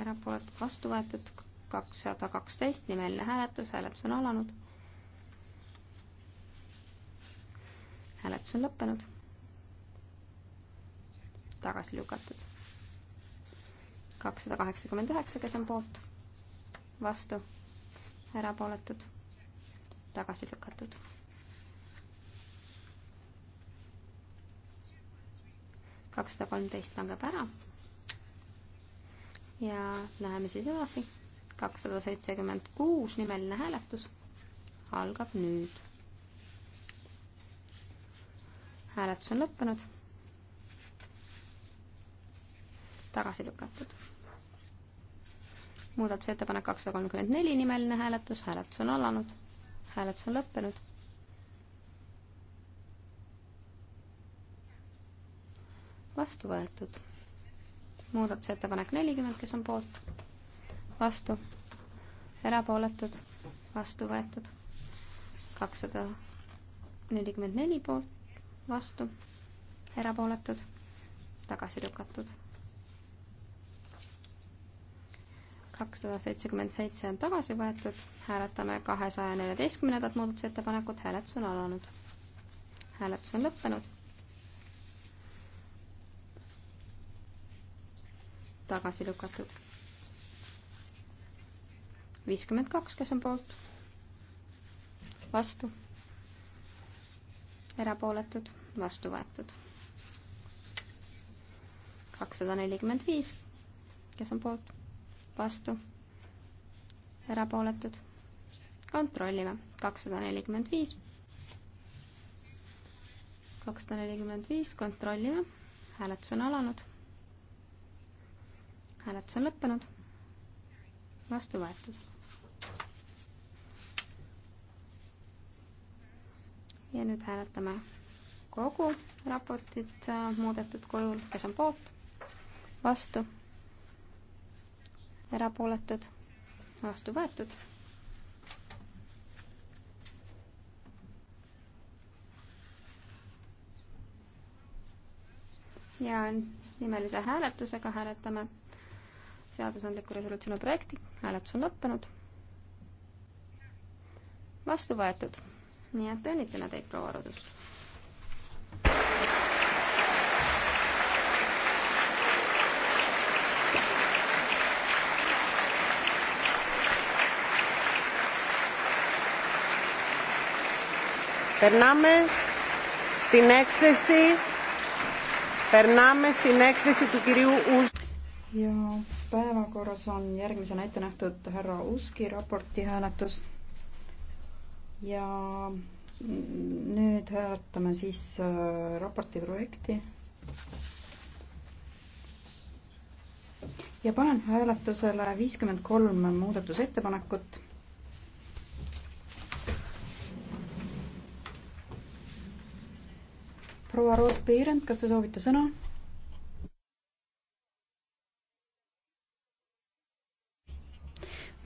erapooletud, vastu võetud, kakssada kaksteist, nimeline hääletus, hääletus on alanud. hääletus on lõppenud. tagasi lükatud. kakssada kaheksakümmend üheksa, kes on poolt, vastu, erapooletud, tagasi lükatud kakssada kolmteist langeb ära. ja läheme siis edasi. kakssada seitsekümmend kuus nimeline hääletus algab nüüd. hääletus on lõppenud. tagasi lükatud. muudatusettepanek kakssada kolmkümmend neli nimeline hääletus, hääletus on alanud, hääletus on lõppenud vastu võetud. muudatusettepanek nelikümmend, kes on poolt, vastu, erapooletud, vastu võetud. kakssada nelikümmend neli poolt, vastu, erapooletud, tagasi lükatud. kakssada seitsekümmend seitse on tagasi võetud, hääletame kahesaja neljateistkümnendat muudatusettepanekut, hääletus on alanud. hääletus on lõppenud tagasi lükatud. viiskümmend kaks, kes on poolt? vastu? erapooletud, vastu võetud. kakssada nelikümmend viis, kes on poolt? vastu? erapooletud? kontrollime, kakssada nelikümmend viis kakssada nelikümmend viis, kontrollime. hääletus on alanud hääletus on lõppenud, vastu võetud. ja nüüd hääletame kogu raportit äh, muudetud kujul, kes on poolt, vastu, erapooletud, vastu võetud ja nimelise hääletusega hääletame seadusandliku resolutsiooni projekti, hääletus on lõppenud. vastu võetud. nii et õnnitleme teid, proua Rudust.
Περνάμε στην έκθεση,
περνάμε στην έκθεση του κυρίου Ούζ. Yeah päevakorras on järgmisena ette nähtud härra Uski raporti hääletus ja nüüd hääletame siis äh, raporti projekti. ja panen hääletusele viiskümmend kolm muudatusettepanekut proua Rootbeerend, kas te soovite sõna?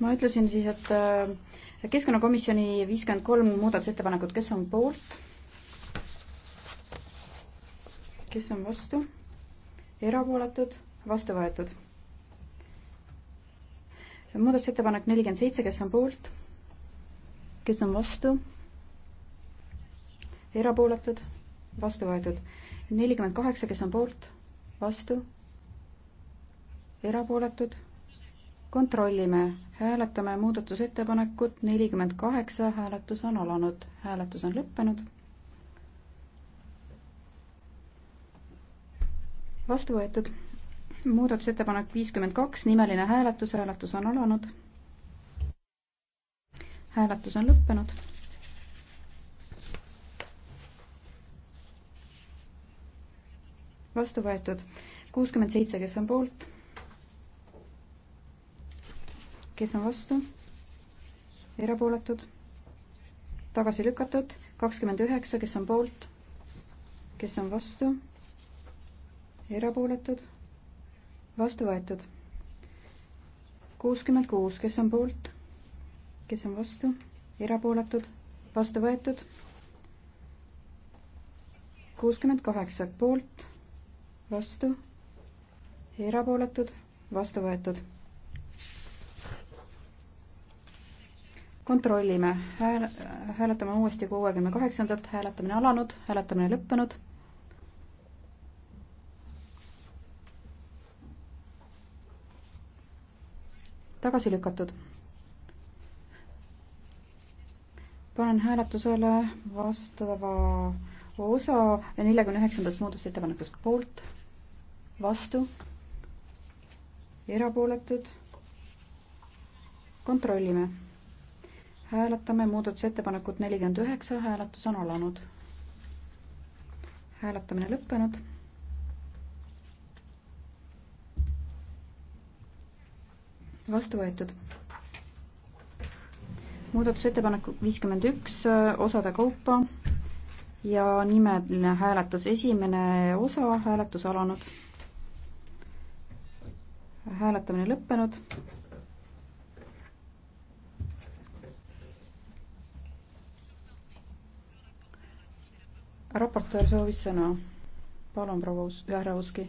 ma ütlesin siis, et äh, keskkonnakomisjoni viiskümmend kolm muudatusettepanekut, kes on poolt? kes on vastu? erapooletud, vastu võetud. muudatusettepanek nelikümmend seitse, kes on poolt? kes on vastu? erapooletud, vastu võetud. nelikümmend kaheksa, kes on poolt? vastu? erapooletud kontrollime, hääletame muudatusettepanekut nelikümmend kaheksa, hääletus on alanud, hääletus on lõppenud. vastu võetud. muudatusettepanek viiskümmend kaks, nimeline hääletus, hääletus on alanud. hääletus on lõppenud. vastu võetud. kuuskümmend seitse, kes on poolt kes on vastu, erapooletud, tagasi lükatud, kakskümmend üheksa, kes on poolt, kes on vastu, erapooletud, vastu võetud. kuuskümmend kuus, kes on poolt, kes on vastu, erapooletud, vastu võetud. kuuskümmend kaheksa poolt, vastu, erapooletud, vastu võetud kontrollime, hääl-, hääletame uuesti kuuekümne kaheksandat, hääletamine alanud, hääletamine lõppenud. tagasi lükatud. panen hääletusele vastava osa neljakümne üheksandast muudatusettepanekust poolt, vastu, erapooletud. kontrollime hääletame muudatusettepanekut nelikümmend üheksa, hääletus on alanud. hääletamine lõppenud. vastu võetud. muudatusettepanek viiskümmend üks osade kaupa ja nimeline hääletus, esimene osa hääletus alanud. hääletamine lõppenud raportöör soovis sõna. palun, proua Uus-, härra Uski.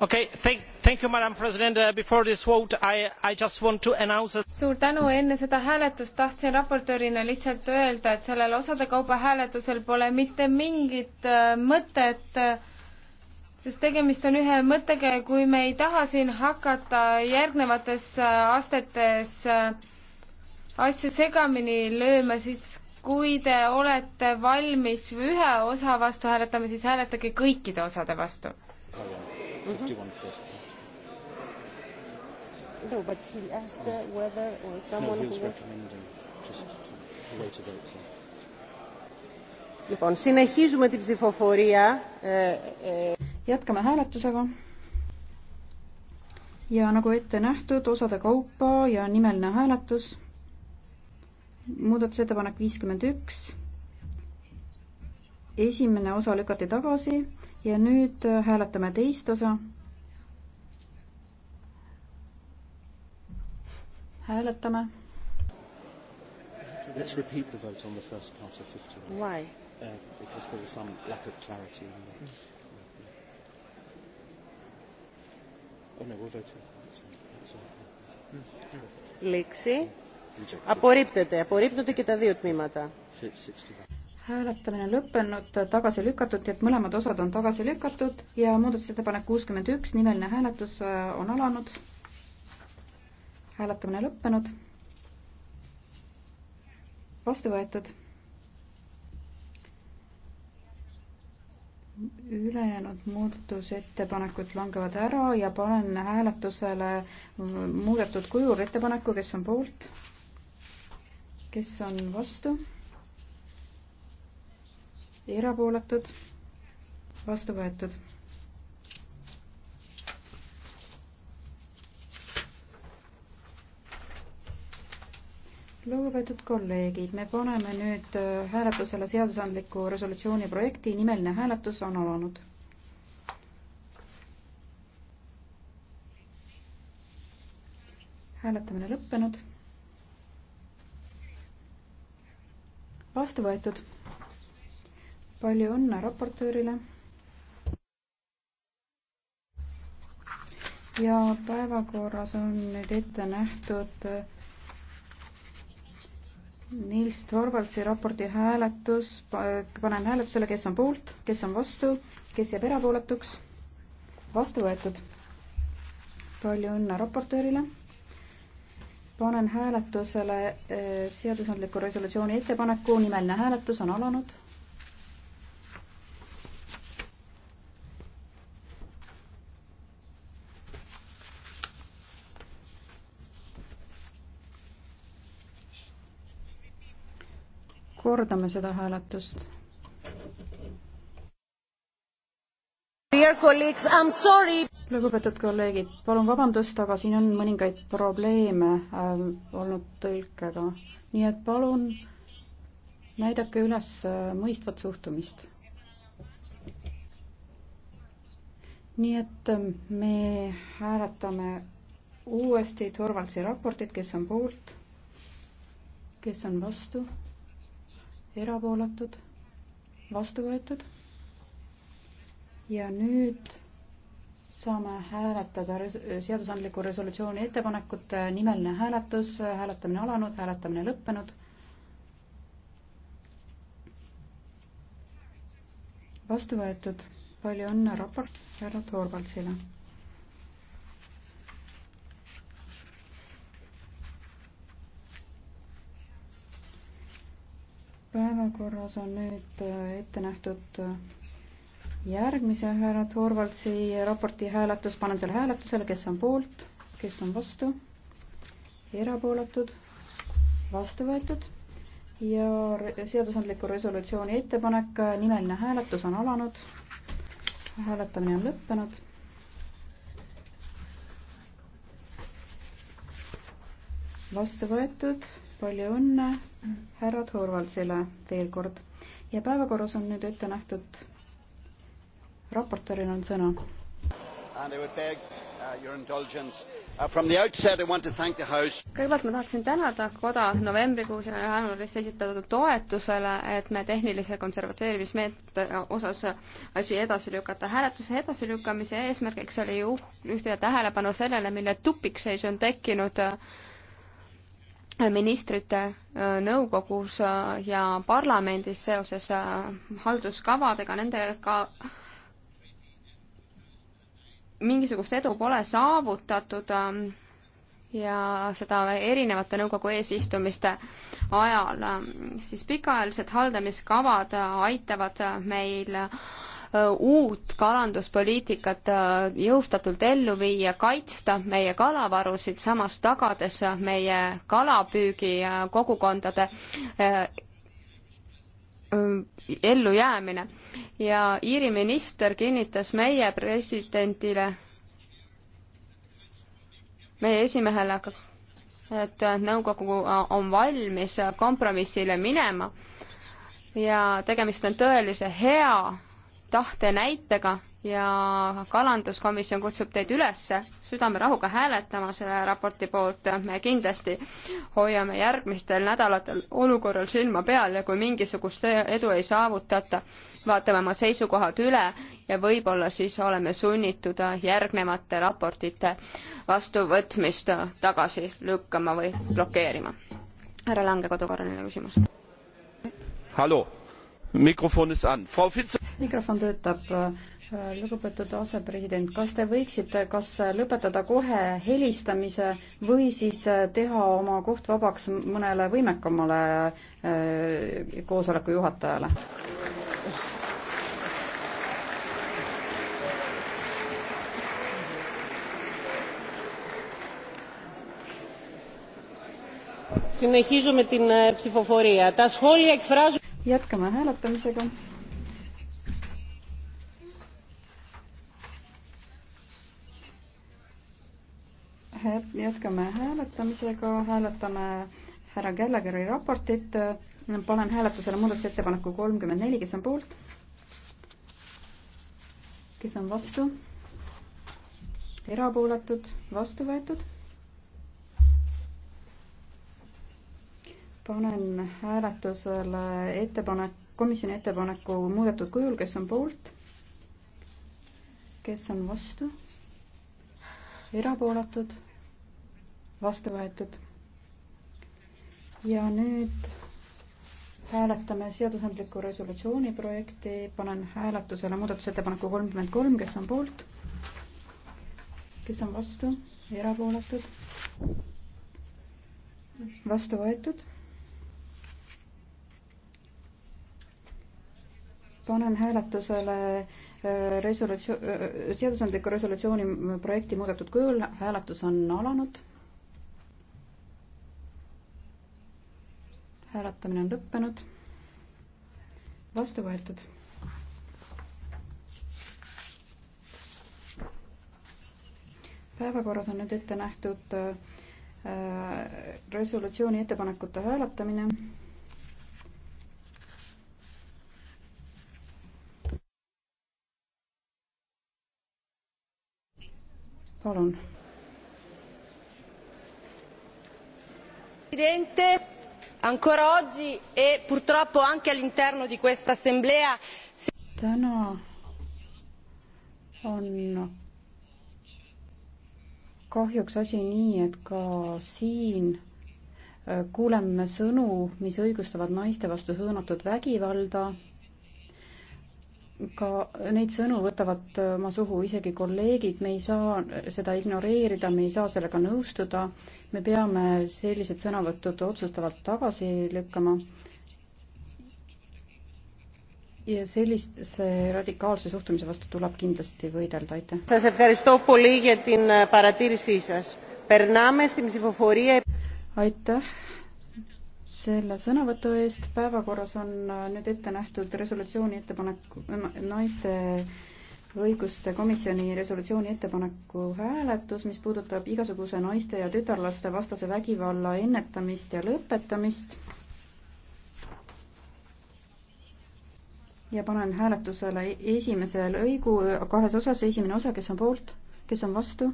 Okay, thank, thank you, madam president, uh, before this vote I, I just want to announce a...
suur tänu, enne seda hääletust tahtsin raportöörina lihtsalt öelda, et sellel osade kaupa hääletusel pole mitte mingit äh, mõtet äh, sest tegemist on ühe mõttega ja kui me ei taha siin hakata järgnevates äh, astetes äh, asju segamini lööma, siis kui te olete valmis ühe osa vastu hääletama, siis hääletage kõikide osade vastu.
No, but he asked uh, whether or uh, someone no, he was who... recommending just the way to vote. So.
Λοιπόν, συνεχίζουμε την ψηφοφορία. Ε, ε... Jätkame hääletusega. Ja nagu ette nähtud, osade kaupa ja nimeline hääletus muudatusettepanek viiskümmend üks, esimene osa lükati tagasi ja nüüd hääletame teist osa. hääletame.
Let's repeat the vote on the first part of
fifty one. Why? Uh, because there was some lack of clarity in the mm. Oh no, we'll vote.
Lexi. Mm.
Απορρίπτεται.
Απορρίπτονται και τα δύο τμήματα.
Hääletamine on lõppenud, tagasi lükatud, et mõlemad osad on tagasi lükatud ja muudatusettepanek kuuskümmend üks, nimeline hääletus äh, on alanud. hääletamine lõppenud. vastu võetud ülejäänud muudatusettepanekud langevad ära ja panen hääletusele muudetud kujul ettepaneku, kes on poolt, kes on vastu? erapooletud, vastu võetud. lugupeetud kolleegid, me paneme nüüd äh, hääletusele seadusandliku resolutsiooni projekti, nimeline hääletus on alanud hääletamine lõppenud vastu võetud. palju õnne raportöörile. ja päevakorras on nüüd ette nähtud Nils Torvaldsi raporti hääletus, panen hääletusele, kes on poolt, kes on vastu, kes jääb erapooletuks. vastu võetud. palju õnne raportöörile panen hääletusele eh, seadusandliku resolutsiooni ettepaneku, nimeline hääletus on alanud. kordame seda hääletust lugupeetud kolleegid, palun vabandust, aga siin on mõningaid probleeme äh, olnud tõlkega, nii et palun näidake üles äh, mõistvat suhtumist. nii et äh, me hääletame uuesti Torvaldsi raportit, kes on poolt, kes on vastu, erapooletud, vastu võetud ja nüüd saame hääletada res seadusandliku resolutsiooni ettepanekut, nimeline hääletus, hääletamine alanud, hääletamine lõppenud. vastu võetud, palju õnne raport härra Toorvaltsile. päevakorras on nüüd ette nähtud järgmise härra Torvaldsi raporti hääletus, panen selle hääletusele, kes on poolt, kes on vastu, erapooletud, vastu võetud ja seadusandliku resolutsiooni ettepanek, nimeline hääletus on alanud, hääletamine on lõppenud. vastu võetud, palju õnne härra Torvaldsile veel kord ja päevakorras on nüüd ette nähtud raportööril on sõna. Uh, uh, kõigepealt
ma tahaksin tänada koda novembrikuus ja jaanuaris esitatud toetusele, et me tehnilise konservateerimismeetme osas asi edasi lükata. hääletuse edasilükkamise eesmärgiks oli ju ühte tähelepanu sellele, mille tupikseis on tekkinud ministrite äh, nõukogus äh, ja parlamendis seoses äh, halduskavadega, nendega mingisugust edu pole saavutatud ähm, ja seda erinevate nõukogu eesistumiste ajal, ähm, siis pikaajalised haldamiskavad äh, aitavad äh, meil äh, uut kalanduspoliitikat jõustatult ellu viia, kaitsta meie kalavarusid, samas tagades meie kalapüügi kogukondade Äh, ellujäämine. ja Iiri minister kinnitas meie presidendile, meie esimehele, et nõukogu on valmis kompromissile minema ja tegemist on tõelise hea tahte näitega ja kalanduskomisjon kutsub teid üles südamerahuga hääletama selle raporti poolt. me kindlasti hoiame järgmistel nädalatel olukorral silma peal ja kui mingisugust edu ei saavutata, vaatame oma seisukohad üle ja võib-olla siis oleme sunnitud järgnevate raportite vastuvõtmist tagasi lükkama või blokeerima. härra Lange, kodukorraline küsimus.
hallo, mikrofon on. mikrofon töötab lugupeetud asepresident, kas te võiksite kas lõpetada kohe helistamise või siis teha oma koht vabaks mõnele võimekamale äh, koosoleku juhatajale? jätkame hääletamisega. jätkame hääletamisega, hääletame härra Kellegeri raportit. panen hääletusele muudatusettepaneku kolmkümmend neli, kes on poolt? kes on vastu? erapooletud, vastu võetud. panen hääletusele ettepanek, komisjoni ettepaneku muudetud kujul, kes on poolt? kes on vastu? erapooletud vastu võetud. ja nüüd hääletame seadusandliku resolutsiooni projekti, panen hääletusele muudatusettepaneku kolmkümmend kolm, kes on poolt, kes on vastu, erapooletud, vastu võetud. panen hääletusele äh, resolutsioon, äh, äh, seadusandliku resolutsiooni projekti muudetud kujul, hääletus on alanud hääletamine on lõppenud. vastu võetud. päevakorras on nüüd ette nähtud äh, resolutsiooni ettepanekute hääletamine palun.
presidente ancora oggi e purtroppo anche all'interno
di questa assemblea täna on kahjuks asi nii, et ka siin äh, kuuleme sõnu, mis õigustavad naiste vastu suunatud vägivalda ka neid sõnu võtavad oma äh, suhu isegi kolleegid, me ei saa seda ignoreerida, me ei saa sellega nõustuda, me peame sellised sõnavõtud otsustavalt tagasi lükkama. ja sellise radikaalse suhtumise vastu tuleb kindlasti võidelda, aitäh. Äh, aitäh selle sõnavõtu eest. päevakorras on äh, nüüd ette nähtud resolutsiooni ettepanek, äh, naiste õiguste komisjoni resolutsiooni ettepaneku hääletus, mis puudutab igasuguse naiste ja tütarlaste vastase vägivalla ennetamist ja lõpetamist. ja panen hääletusele e-, esimese lõigu kahes osas, esimene osa, kes on poolt, kes on vastu,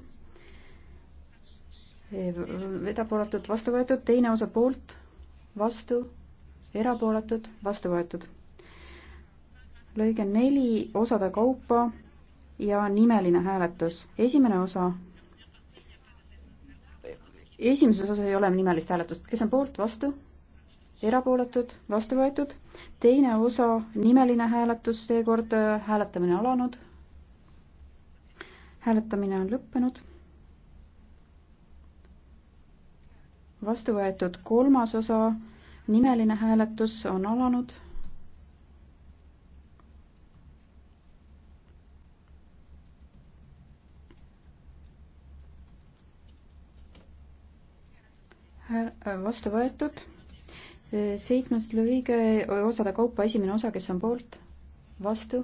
vedapooletult vastu võetud, teine osa poolt vastu, erapooletud, vastu võetud. lõige neli osade kaupa ja nimeline hääletus. esimene osa. esimeses osas ei ole nimelist hääletust, kes on poolt, vastu, erapooletud, vastu võetud. teine osa, nimeline hääletus, seekord äh, hääletamine alanud. hääletamine on lõppenud vastu võetud kolmas osa nimeline hääletus on alanud. Äh, vastu võetud. seitsmes lõige osade kaupa esimene osa, kes on poolt, vastu,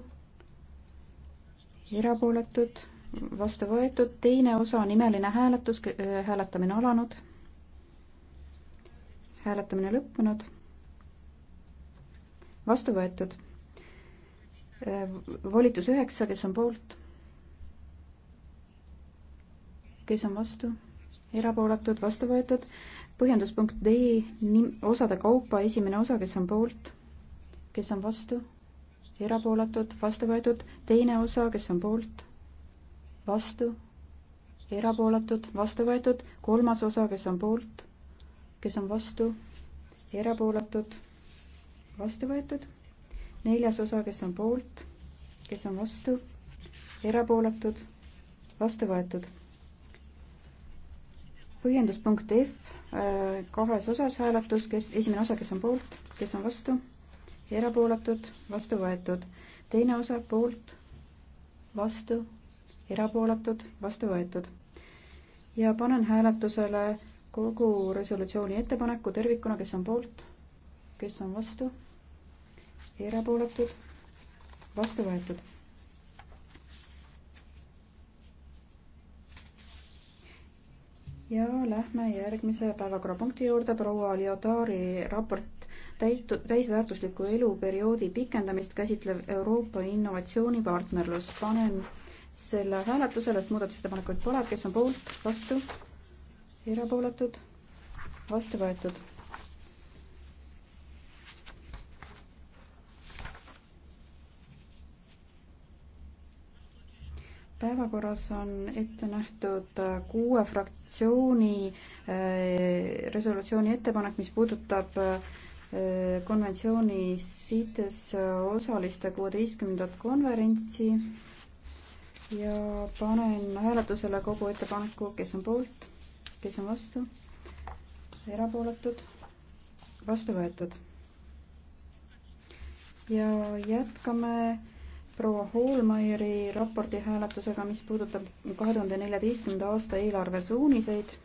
erapooletud, vastu võetud, teine osa nimeline hääletus, äh, hääletamine alanud hääletamine lõppenud. vastu võetud. Äh, volitus üheksa, kes on poolt? kes on vastu? erapooletud, vastu võetud. põhjenduspunkt D, osade kaupa, esimene osa, kes on poolt? kes on vastu? erapooletud, vastu võetud. teine osa, kes on poolt? vastu? erapooletud, vastu võetud. kolmas osa, kes on poolt? kes on vastu, erapooletud, vastu võetud. neljas osa, kes on poolt, kes on vastu, erapooletud, vastu võetud. põhjenduspunkt F äh, kahes osas hääletus, kes, esimene osa, kes on poolt, kes on vastu, erapooletud, vastu võetud. teine osa poolt, vastu, erapooletud, vastu võetud. ja panen hääletusele kogu resolutsiooni ettepaneku tervikuna, kes on poolt, kes on vastu, erapooletud, vastu võetud. ja lähme järgmise päevakorrapunkti juurde, proua Liotari raport täitu-, täisväärtusliku eluperioodi pikendamist käsitlev Euroopa innovatsioonipartnerlus. panen selle hääletusele, sest muudatusettepanekuid pole, kes on poolt, vastu erapooletud, vastu võetud. päevakorras on ette nähtud kuue fraktsiooni äh, resolutsiooni ettepanek, mis puudutab äh, konventsiooni CITES osaliste kuueteistkümnendat konverentsi ja panen hääletusele kogu ettepaneku, kes on poolt kes on vastu, erapooletud, vastu võetud. ja jätkame proua Hoolmeieri raporti hääletusega, mis puudutab kahe tuhande neljateistkümnenda aasta eelarvesuuniseid.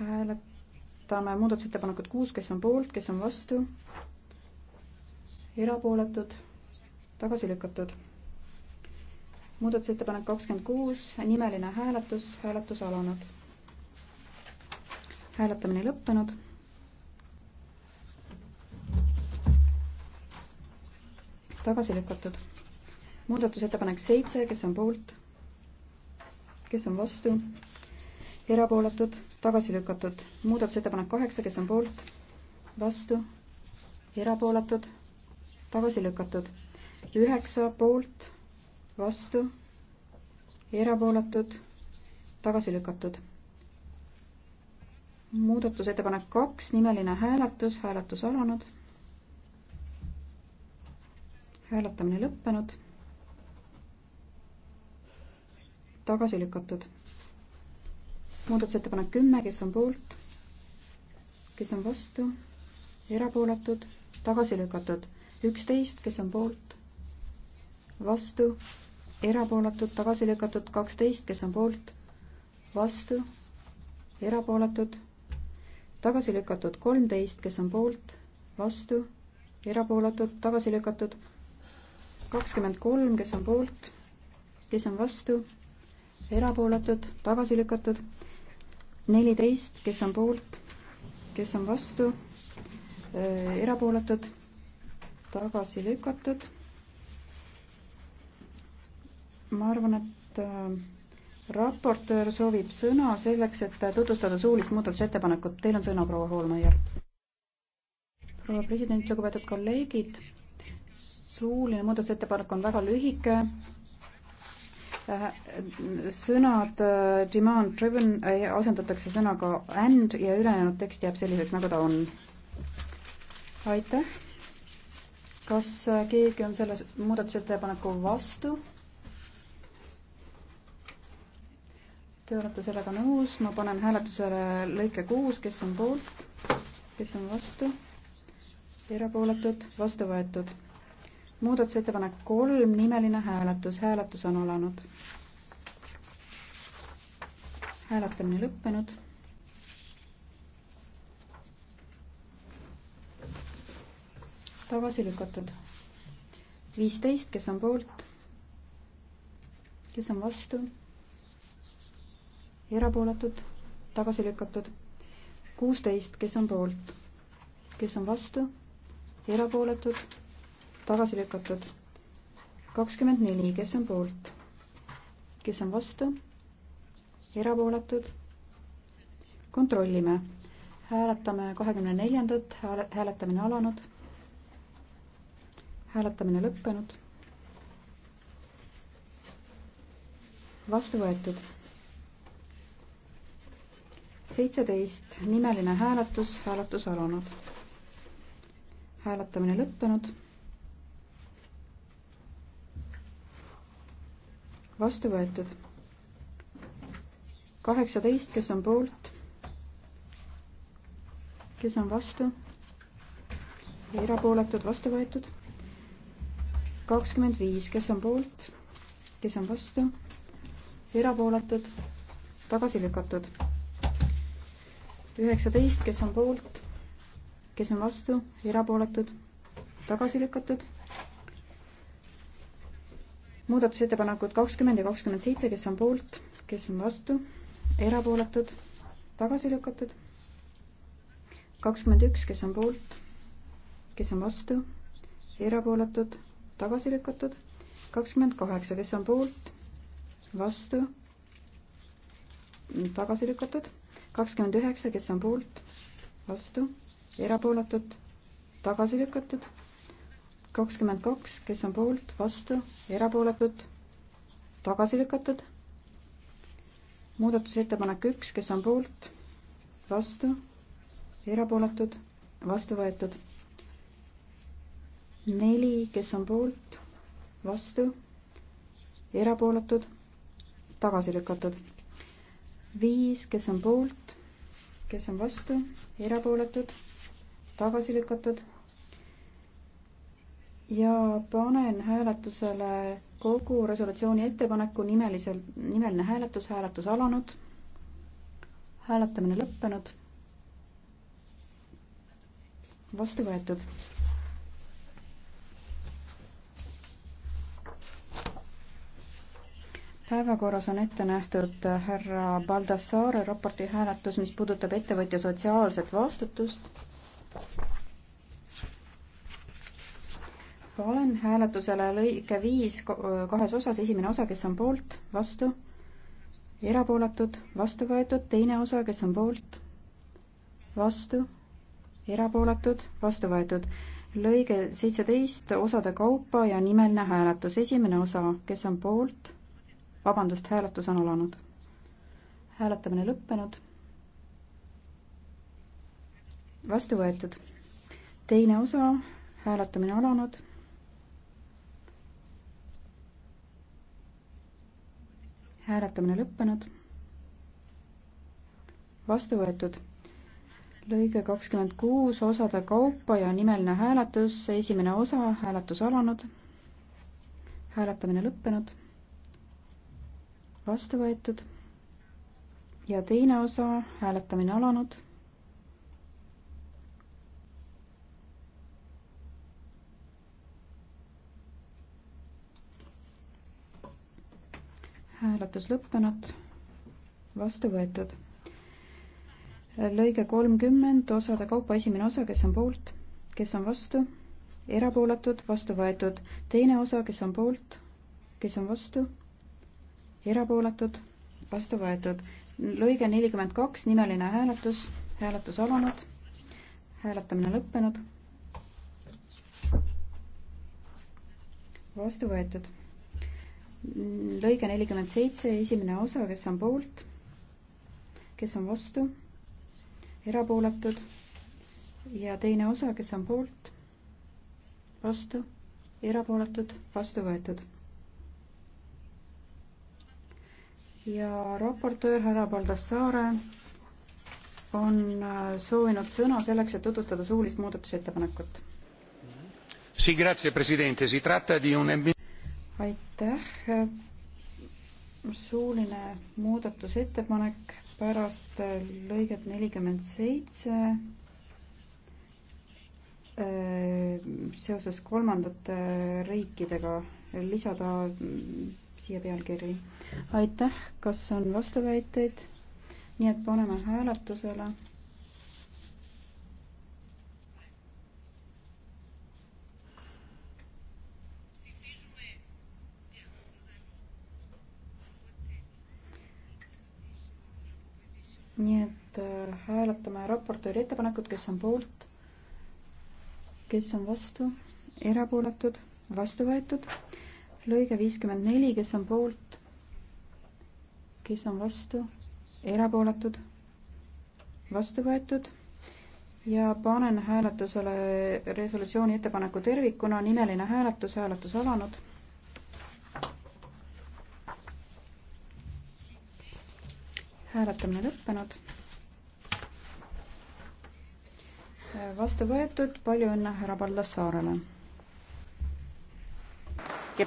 hääletame muudatusettepanekut kuus, kes on poolt, kes on vastu, erapooletud, tagasi lükatud muudatusettepanek kakskümmend kuus, nimeline hääletus, hääletus alanud. hääletamine lõppenud. tagasi lükatud. muudatusettepanek seitse, kes on poolt? kes on vastu? erapooletud, tagasi lükatud. muudatusettepanek kaheksa, kes on poolt? vastu? erapooletud, tagasi lükatud. üheksa poolt vastu, erapooletud, tagasi lükatud. muudatusettepanek kaks, nimeline hääletus, hääletus alanud. hääletamine lõppenud. tagasi lükatud. muudatusettepanek kümme, kes on poolt, kes on vastu, erapooletud, tagasi lükatud. üksteist, kes on poolt vastu, erapooletud, tagasi lükatud kaksteist, kes on poolt, vastu, erapooletud, tagasi lükatud kolmteist, kes on poolt, vastu, erapooletud, tagasi lükatud kakskümmend kolm, kes on poolt, kes on vastu, erapooletud, tagasi lükatud neliteist, kes on poolt, kes on vastu, äh, erapooletud, tagasi lükatud ma arvan, et äh, raportöör soovib sõna selleks, et äh, tutvustada suulist muudatusettepanekut. Teil on sõna, proua Hoolmeier. proua president, lugupeetud kolleegid, suuline muudatusettepanek on väga lühike. Äh, sõnad demand driven asendatakse sõnaga and ja ülejäänud tekst jääb selliseks, nagu ta on. aitäh. kas keegi on selle muudatusettepaneku vastu? te olete sellega nõus, ma panen hääletusele lõike kuus, kes on poolt, kes on vastu, erapooletud, vastu võetud. muudatusettepanek kolm, nimeline hääletus, hääletus on alanud. hääletamine lõppenud. tagasi lükatud. viisteist, kes on poolt, kes on vastu erapooletud, tagasi lükatud. kuusteist, kes on poolt, kes on vastu, erapooletud, tagasi lükatud. kakskümmend neli, kes on poolt, kes on vastu, erapooletud. kontrollime, hääletame kahekümne neljandat, hääletamine alanud, hääletamine lõppenud, vastu võetud seitseteist, nimeline hääletus, hääletus alanud. hääletamine lõppenud. vastu võetud. kaheksateist, kes on poolt? kes on vastu? erapooletud, vastu võetud. kakskümmend viis, kes on poolt? kes on vastu? erapooletud, tagasi lükatud üheksateist, kes on poolt, kes on vastu, erapooletud, tagasi lükatud. muudatusettepanekud kakskümmend ja kakskümmend seitse, kes on poolt, kes on vastu, erapooletud, tagasi lükatud. kakskümmend üks, kes on poolt, kes on vastu, erapooletud, tagasi lükatud. kakskümmend kaheksa, kes on poolt, vastu, tagasi lükatud kakskümmend üheksa, kes on poolt, vastu, erapooletud, tagasi lükatud. kakskümmend kaks, kes on poolt, vastu, erapooletud, tagasi lükatud. muudatusettepanek üks, kes on poolt, vastu, erapooletud, vastu võetud. neli, kes on poolt, vastu, erapooletud, tagasi lükatud viis, kes on poolt, kes on vastu, erapooletud, tagasi lükatud. ja panen hääletusele kogu resolutsiooni ettepaneku nimelisel, nimeline hääletus, hääletus alanud. hääletamine lõppenud. vastu võetud päevakorras on ette nähtud härra Baldassare raporti hääletus, mis puudutab ettevõtja sotsiaalset vastutust. panen hääletusele lõike viis kahes osas, esimene osa, kes on poolt, vastu, erapooletud, vastu võetud, teine osa, kes on poolt, vastu, erapooletud, vastu võetud lõige seitseteist osade kaupa ja nimeline hääletus. esimene osa, kes on poolt, vabandust, hääletus on alanud. hääletamine lõppenud. vastu võetud. teine osa, hääletamine alanud. hääletamine lõppenud. vastu võetud. lõige kakskümmend kuus osade kaupa ja nimeline hääletus, esimene osa, hääletus alanud. hääletamine lõppenud vastu võetud. ja teine osa, hääletamine alanud. hääletus lõppenud, vastu võetud. lõige kolmkümmend, osade kaupa esimene osa, kes on poolt, kes on vastu, erapooletud, vastu võetud. teine osa, kes on poolt, kes on vastu erapooletud, vastu võetud. lõige nelikümmend kaks, nimeline hääletus, hääletus alanud, hääletamine lõppenud. vastu võetud. lõige nelikümmend seitse, esimene osa, kes on poolt, kes on vastu, erapooletud ja teine osa, kes on poolt, vastu, erapooletud, vastu võetud ja raportöör härra Paldassaare on äh, soovinud sõna selleks, et tutvustada suulist muudatusettepanekut. aitäh. suuline muudatusettepanek pärast lõiget nelikümmend seitse äh, seoses kolmandate riikidega lisada siia pealkiri. aitäh, kas on vastuväiteid? nii et paneme hääletusele. nii et äh, hääletame raportööri ettepanekut, kes on poolt, kes on vastu, erapooletud, vastu võetud lõige viiskümmend neli, kes on poolt, kes on vastu, erapooletud, vastu võetud ja panen hääletusele resolutsiooni ettepaneku tervikuna, nimeline hääletus, hääletus alanud. hääletamine lõppenud. vastu võetud, palju õnne härra Pallassaarele ja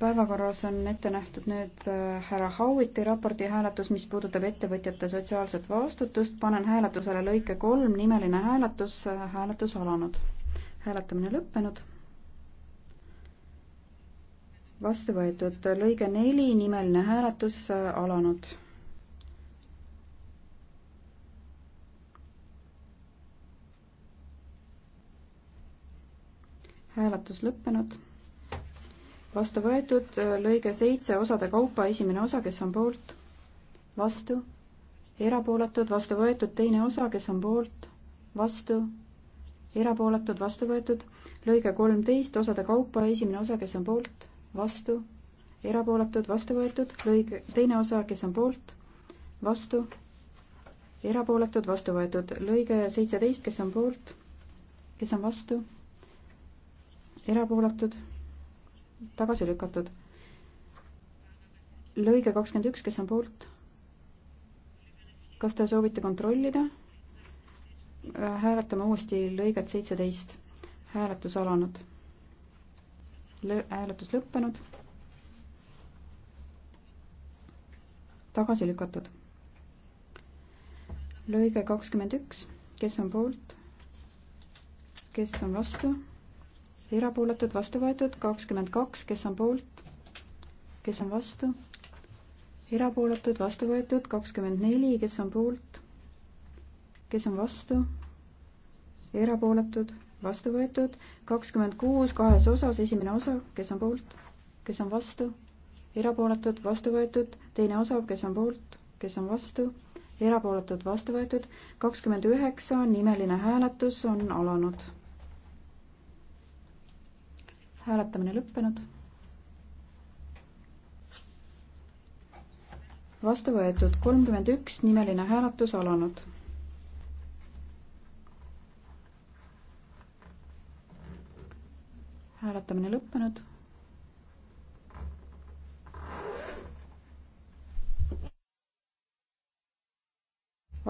päevakorras on ette nähtud nüüd äh, härra Howiti raporti hääletus, mis puudutab ettevõtjate sotsiaalset vastutust. panen hääletusele lõike kolm, nimeline hääletus, äh, hääletus alanud. hääletamine lõppenud. vastu võetud lõige neli, nimeline hääletus äh, alanud hääletus lõppenud. vastu võetud äh, lõige seitse osade kaupa, esimene osa, kes on poolt, vastu, erapooletud, vastu võetud, teine osa, kes on poolt, vastu, erapooletud, vastu võetud, lõige kolmteist osade kaupa, esimene osa, kes on poolt, vastu, erapooletud, vastu võetud, lõige, teine osa, kes on poolt, vastu, erapooletud, vastu võetud, lõige seitseteist, kes on poolt, kes on vastu erapooletud, tagasi lükatud. lõige kakskümmend üks, kes on poolt? kas te soovite kontrollida? hääletame uuesti lõiget seitseteist. hääletus alanud. hääletus lõppenud. tagasi lükatud. lõige kakskümmend üks, kes on poolt? kes on vastu? erapooletud, vastu võetud, kakskümmend kaks, kes on poolt, kes on vastu, erapooletud, vastu võetud, kakskümmend neli, kes on poolt, kes on vastu, erapooletud, vastu võetud, kakskümmend kuus kahes osas, esimene osa, kes on poolt, kes on vastu, erapooletud, vastu võetud, teine osa, kes on poolt, kes on vastu, erapooletud, vastu võetud, kakskümmend üheksa, nimeline hääletus on alanud hääletamine lõppenud. vastu võetud kolmkümmend üks nimeline hääletus alanud. hääletamine lõppenud.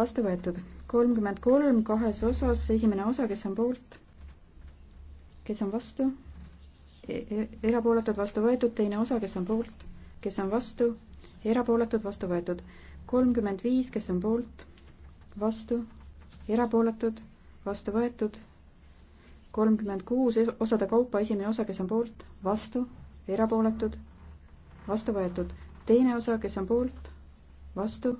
vastu võetud kolmkümmend kolm kahes osas, esimene osa, kes on poolt, kes on vastu E, e, erapooletud, vastu võetud, teine osa, kes on poolt, kes on vastu, erapooletud, vastu võetud. kolmkümmend viis, kes on poolt, vastu, erapooletud, vastu võetud. kolmkümmend kuus, osade kaupa esimene osa, kes on poolt, vastu, erapooletud, vastu võetud. teine osa, kes on poolt, vastu,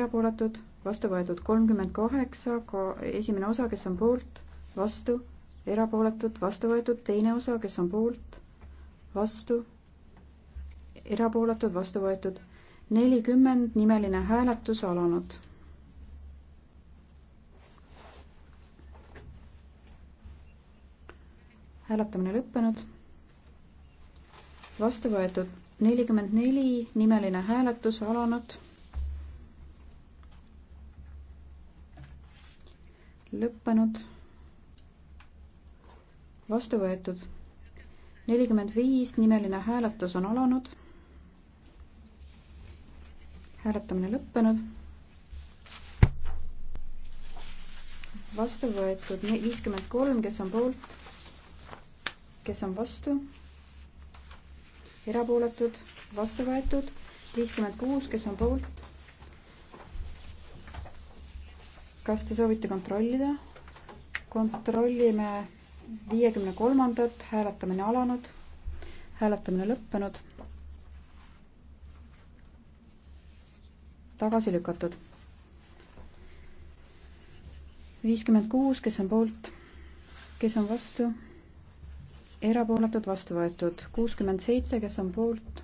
erapooletud, vastu võetud. kolmkümmend kaheksa, esimene osa, kes on poolt, vastu erapooletud, vastu võetud, teine osa, kes on poolt, vastu, erapooletud, vastu võetud, nelikümmend, nimeline hääletus alanud. hääletamine lõppenud, vastu võetud nelikümmend neli, nimeline hääletus alanud lõppenud vastu võetud. nelikümmend viis, nimeline hääletus on alanud. hääletamine lõppenud. vastu võetud viiskümmend kolm, kes on poolt, kes on vastu, erapooletud, vastu võetud, viiskümmend kuus, kes on poolt. kas te soovite kontrollida? kontrollime viiekümne kolmandat, hääletamine alanud, hääletamine lõppenud, tagasi lükatud. viiskümmend kuus, kes on poolt, kes on vastu, erapooletud, vastu võetud, kuuskümmend seitse, kes on poolt,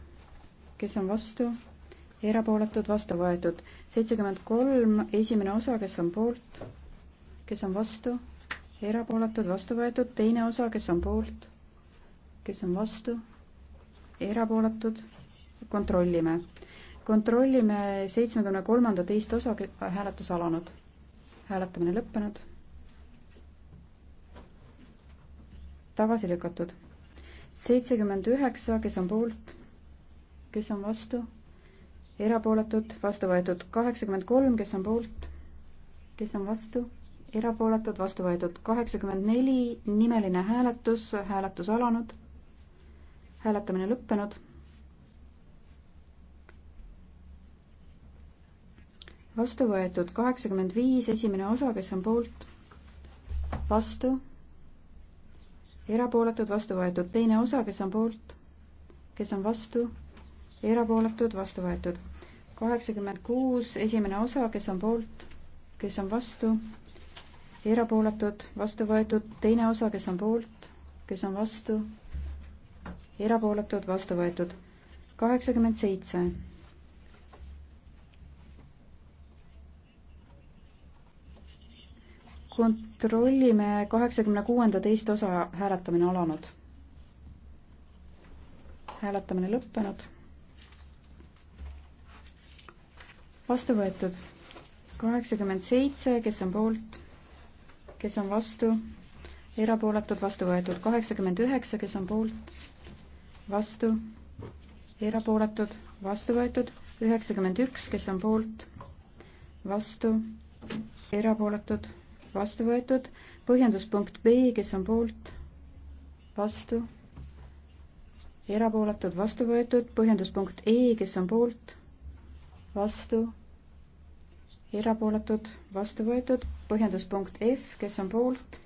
kes on vastu, erapooletud, vastu võetud, seitsekümmend kolm, esimene osa, kes on poolt, kes on vastu erapooletud, vastu võetud, teine osa, kes on poolt, kes on vastu, erapooletud, kontrollime. kontrollime seitsmekümne kolmanda teist osa, hääletus alanud. hääletamine lõppenud. tagasi lükatud. seitsekümmend üheksa, kes on poolt, kes on vastu, erapooletud, vastu võetud kaheksakümmend kolm, kes on poolt, kes on vastu erapooletud, vastu võetud kaheksakümmend neli, nimeline hääletus, hääletus alanud, hääletamine lõppenud. vastu võetud kaheksakümmend viis, esimene osa, kes on poolt, vastu, erapooletud, vastu võetud, teine osa, kes on poolt, kes on vastu, erapooletud, vastu võetud. kaheksakümmend kuus, esimene osa, kes on poolt, kes on vastu, erapooletud, vastu võetud, teine osa, kes on poolt, kes on vastu, erapooletud, vastu võetud, kaheksakümmend seitse. kontrollime kaheksakümne kuuenda teist osa hääletamine alanud. hääletamine lõppenud. vastu võetud kaheksakümmend seitse, kes on poolt kes on vastu, erapooletud, vastu võetud kaheksakümmend üheksa, kes on poolt, vastu, erapooletud, vastu võetud üheksakümmend üks, kes on poolt, vastu, erapooletud, vastu võetud, põhjenduspunkt B, kes on poolt, vastu, erapooletud, vastu võetud, põhjenduspunkt E, kes on poolt, vastu, erapooletud, vastu võetud, põhjenduspunkt F, kes on poolt,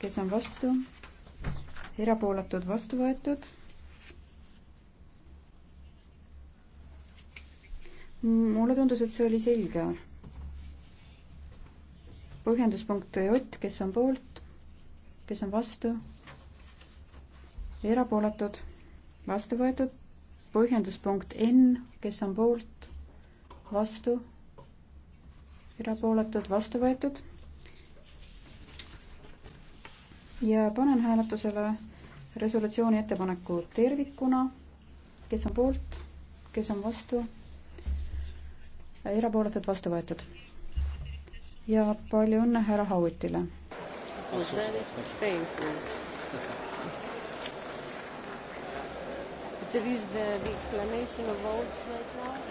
kes on vastu, erapooletud vastu võetud. mulle tundus, et see oli selge. põhjenduspunkt J, kes on poolt, kes on vastu, erapooletud, vastu võetud. põhjenduspunkt N, kes on poolt, vastu erapooletud, vastu võetud. ja panen hääletusele resolutsiooni ettepaneku tervikuna, kes on poolt, kes on vastu, erapooletud, vastu võetud. ja palju õnne härra Hauitile.
There is the, the exclamation of votes right now.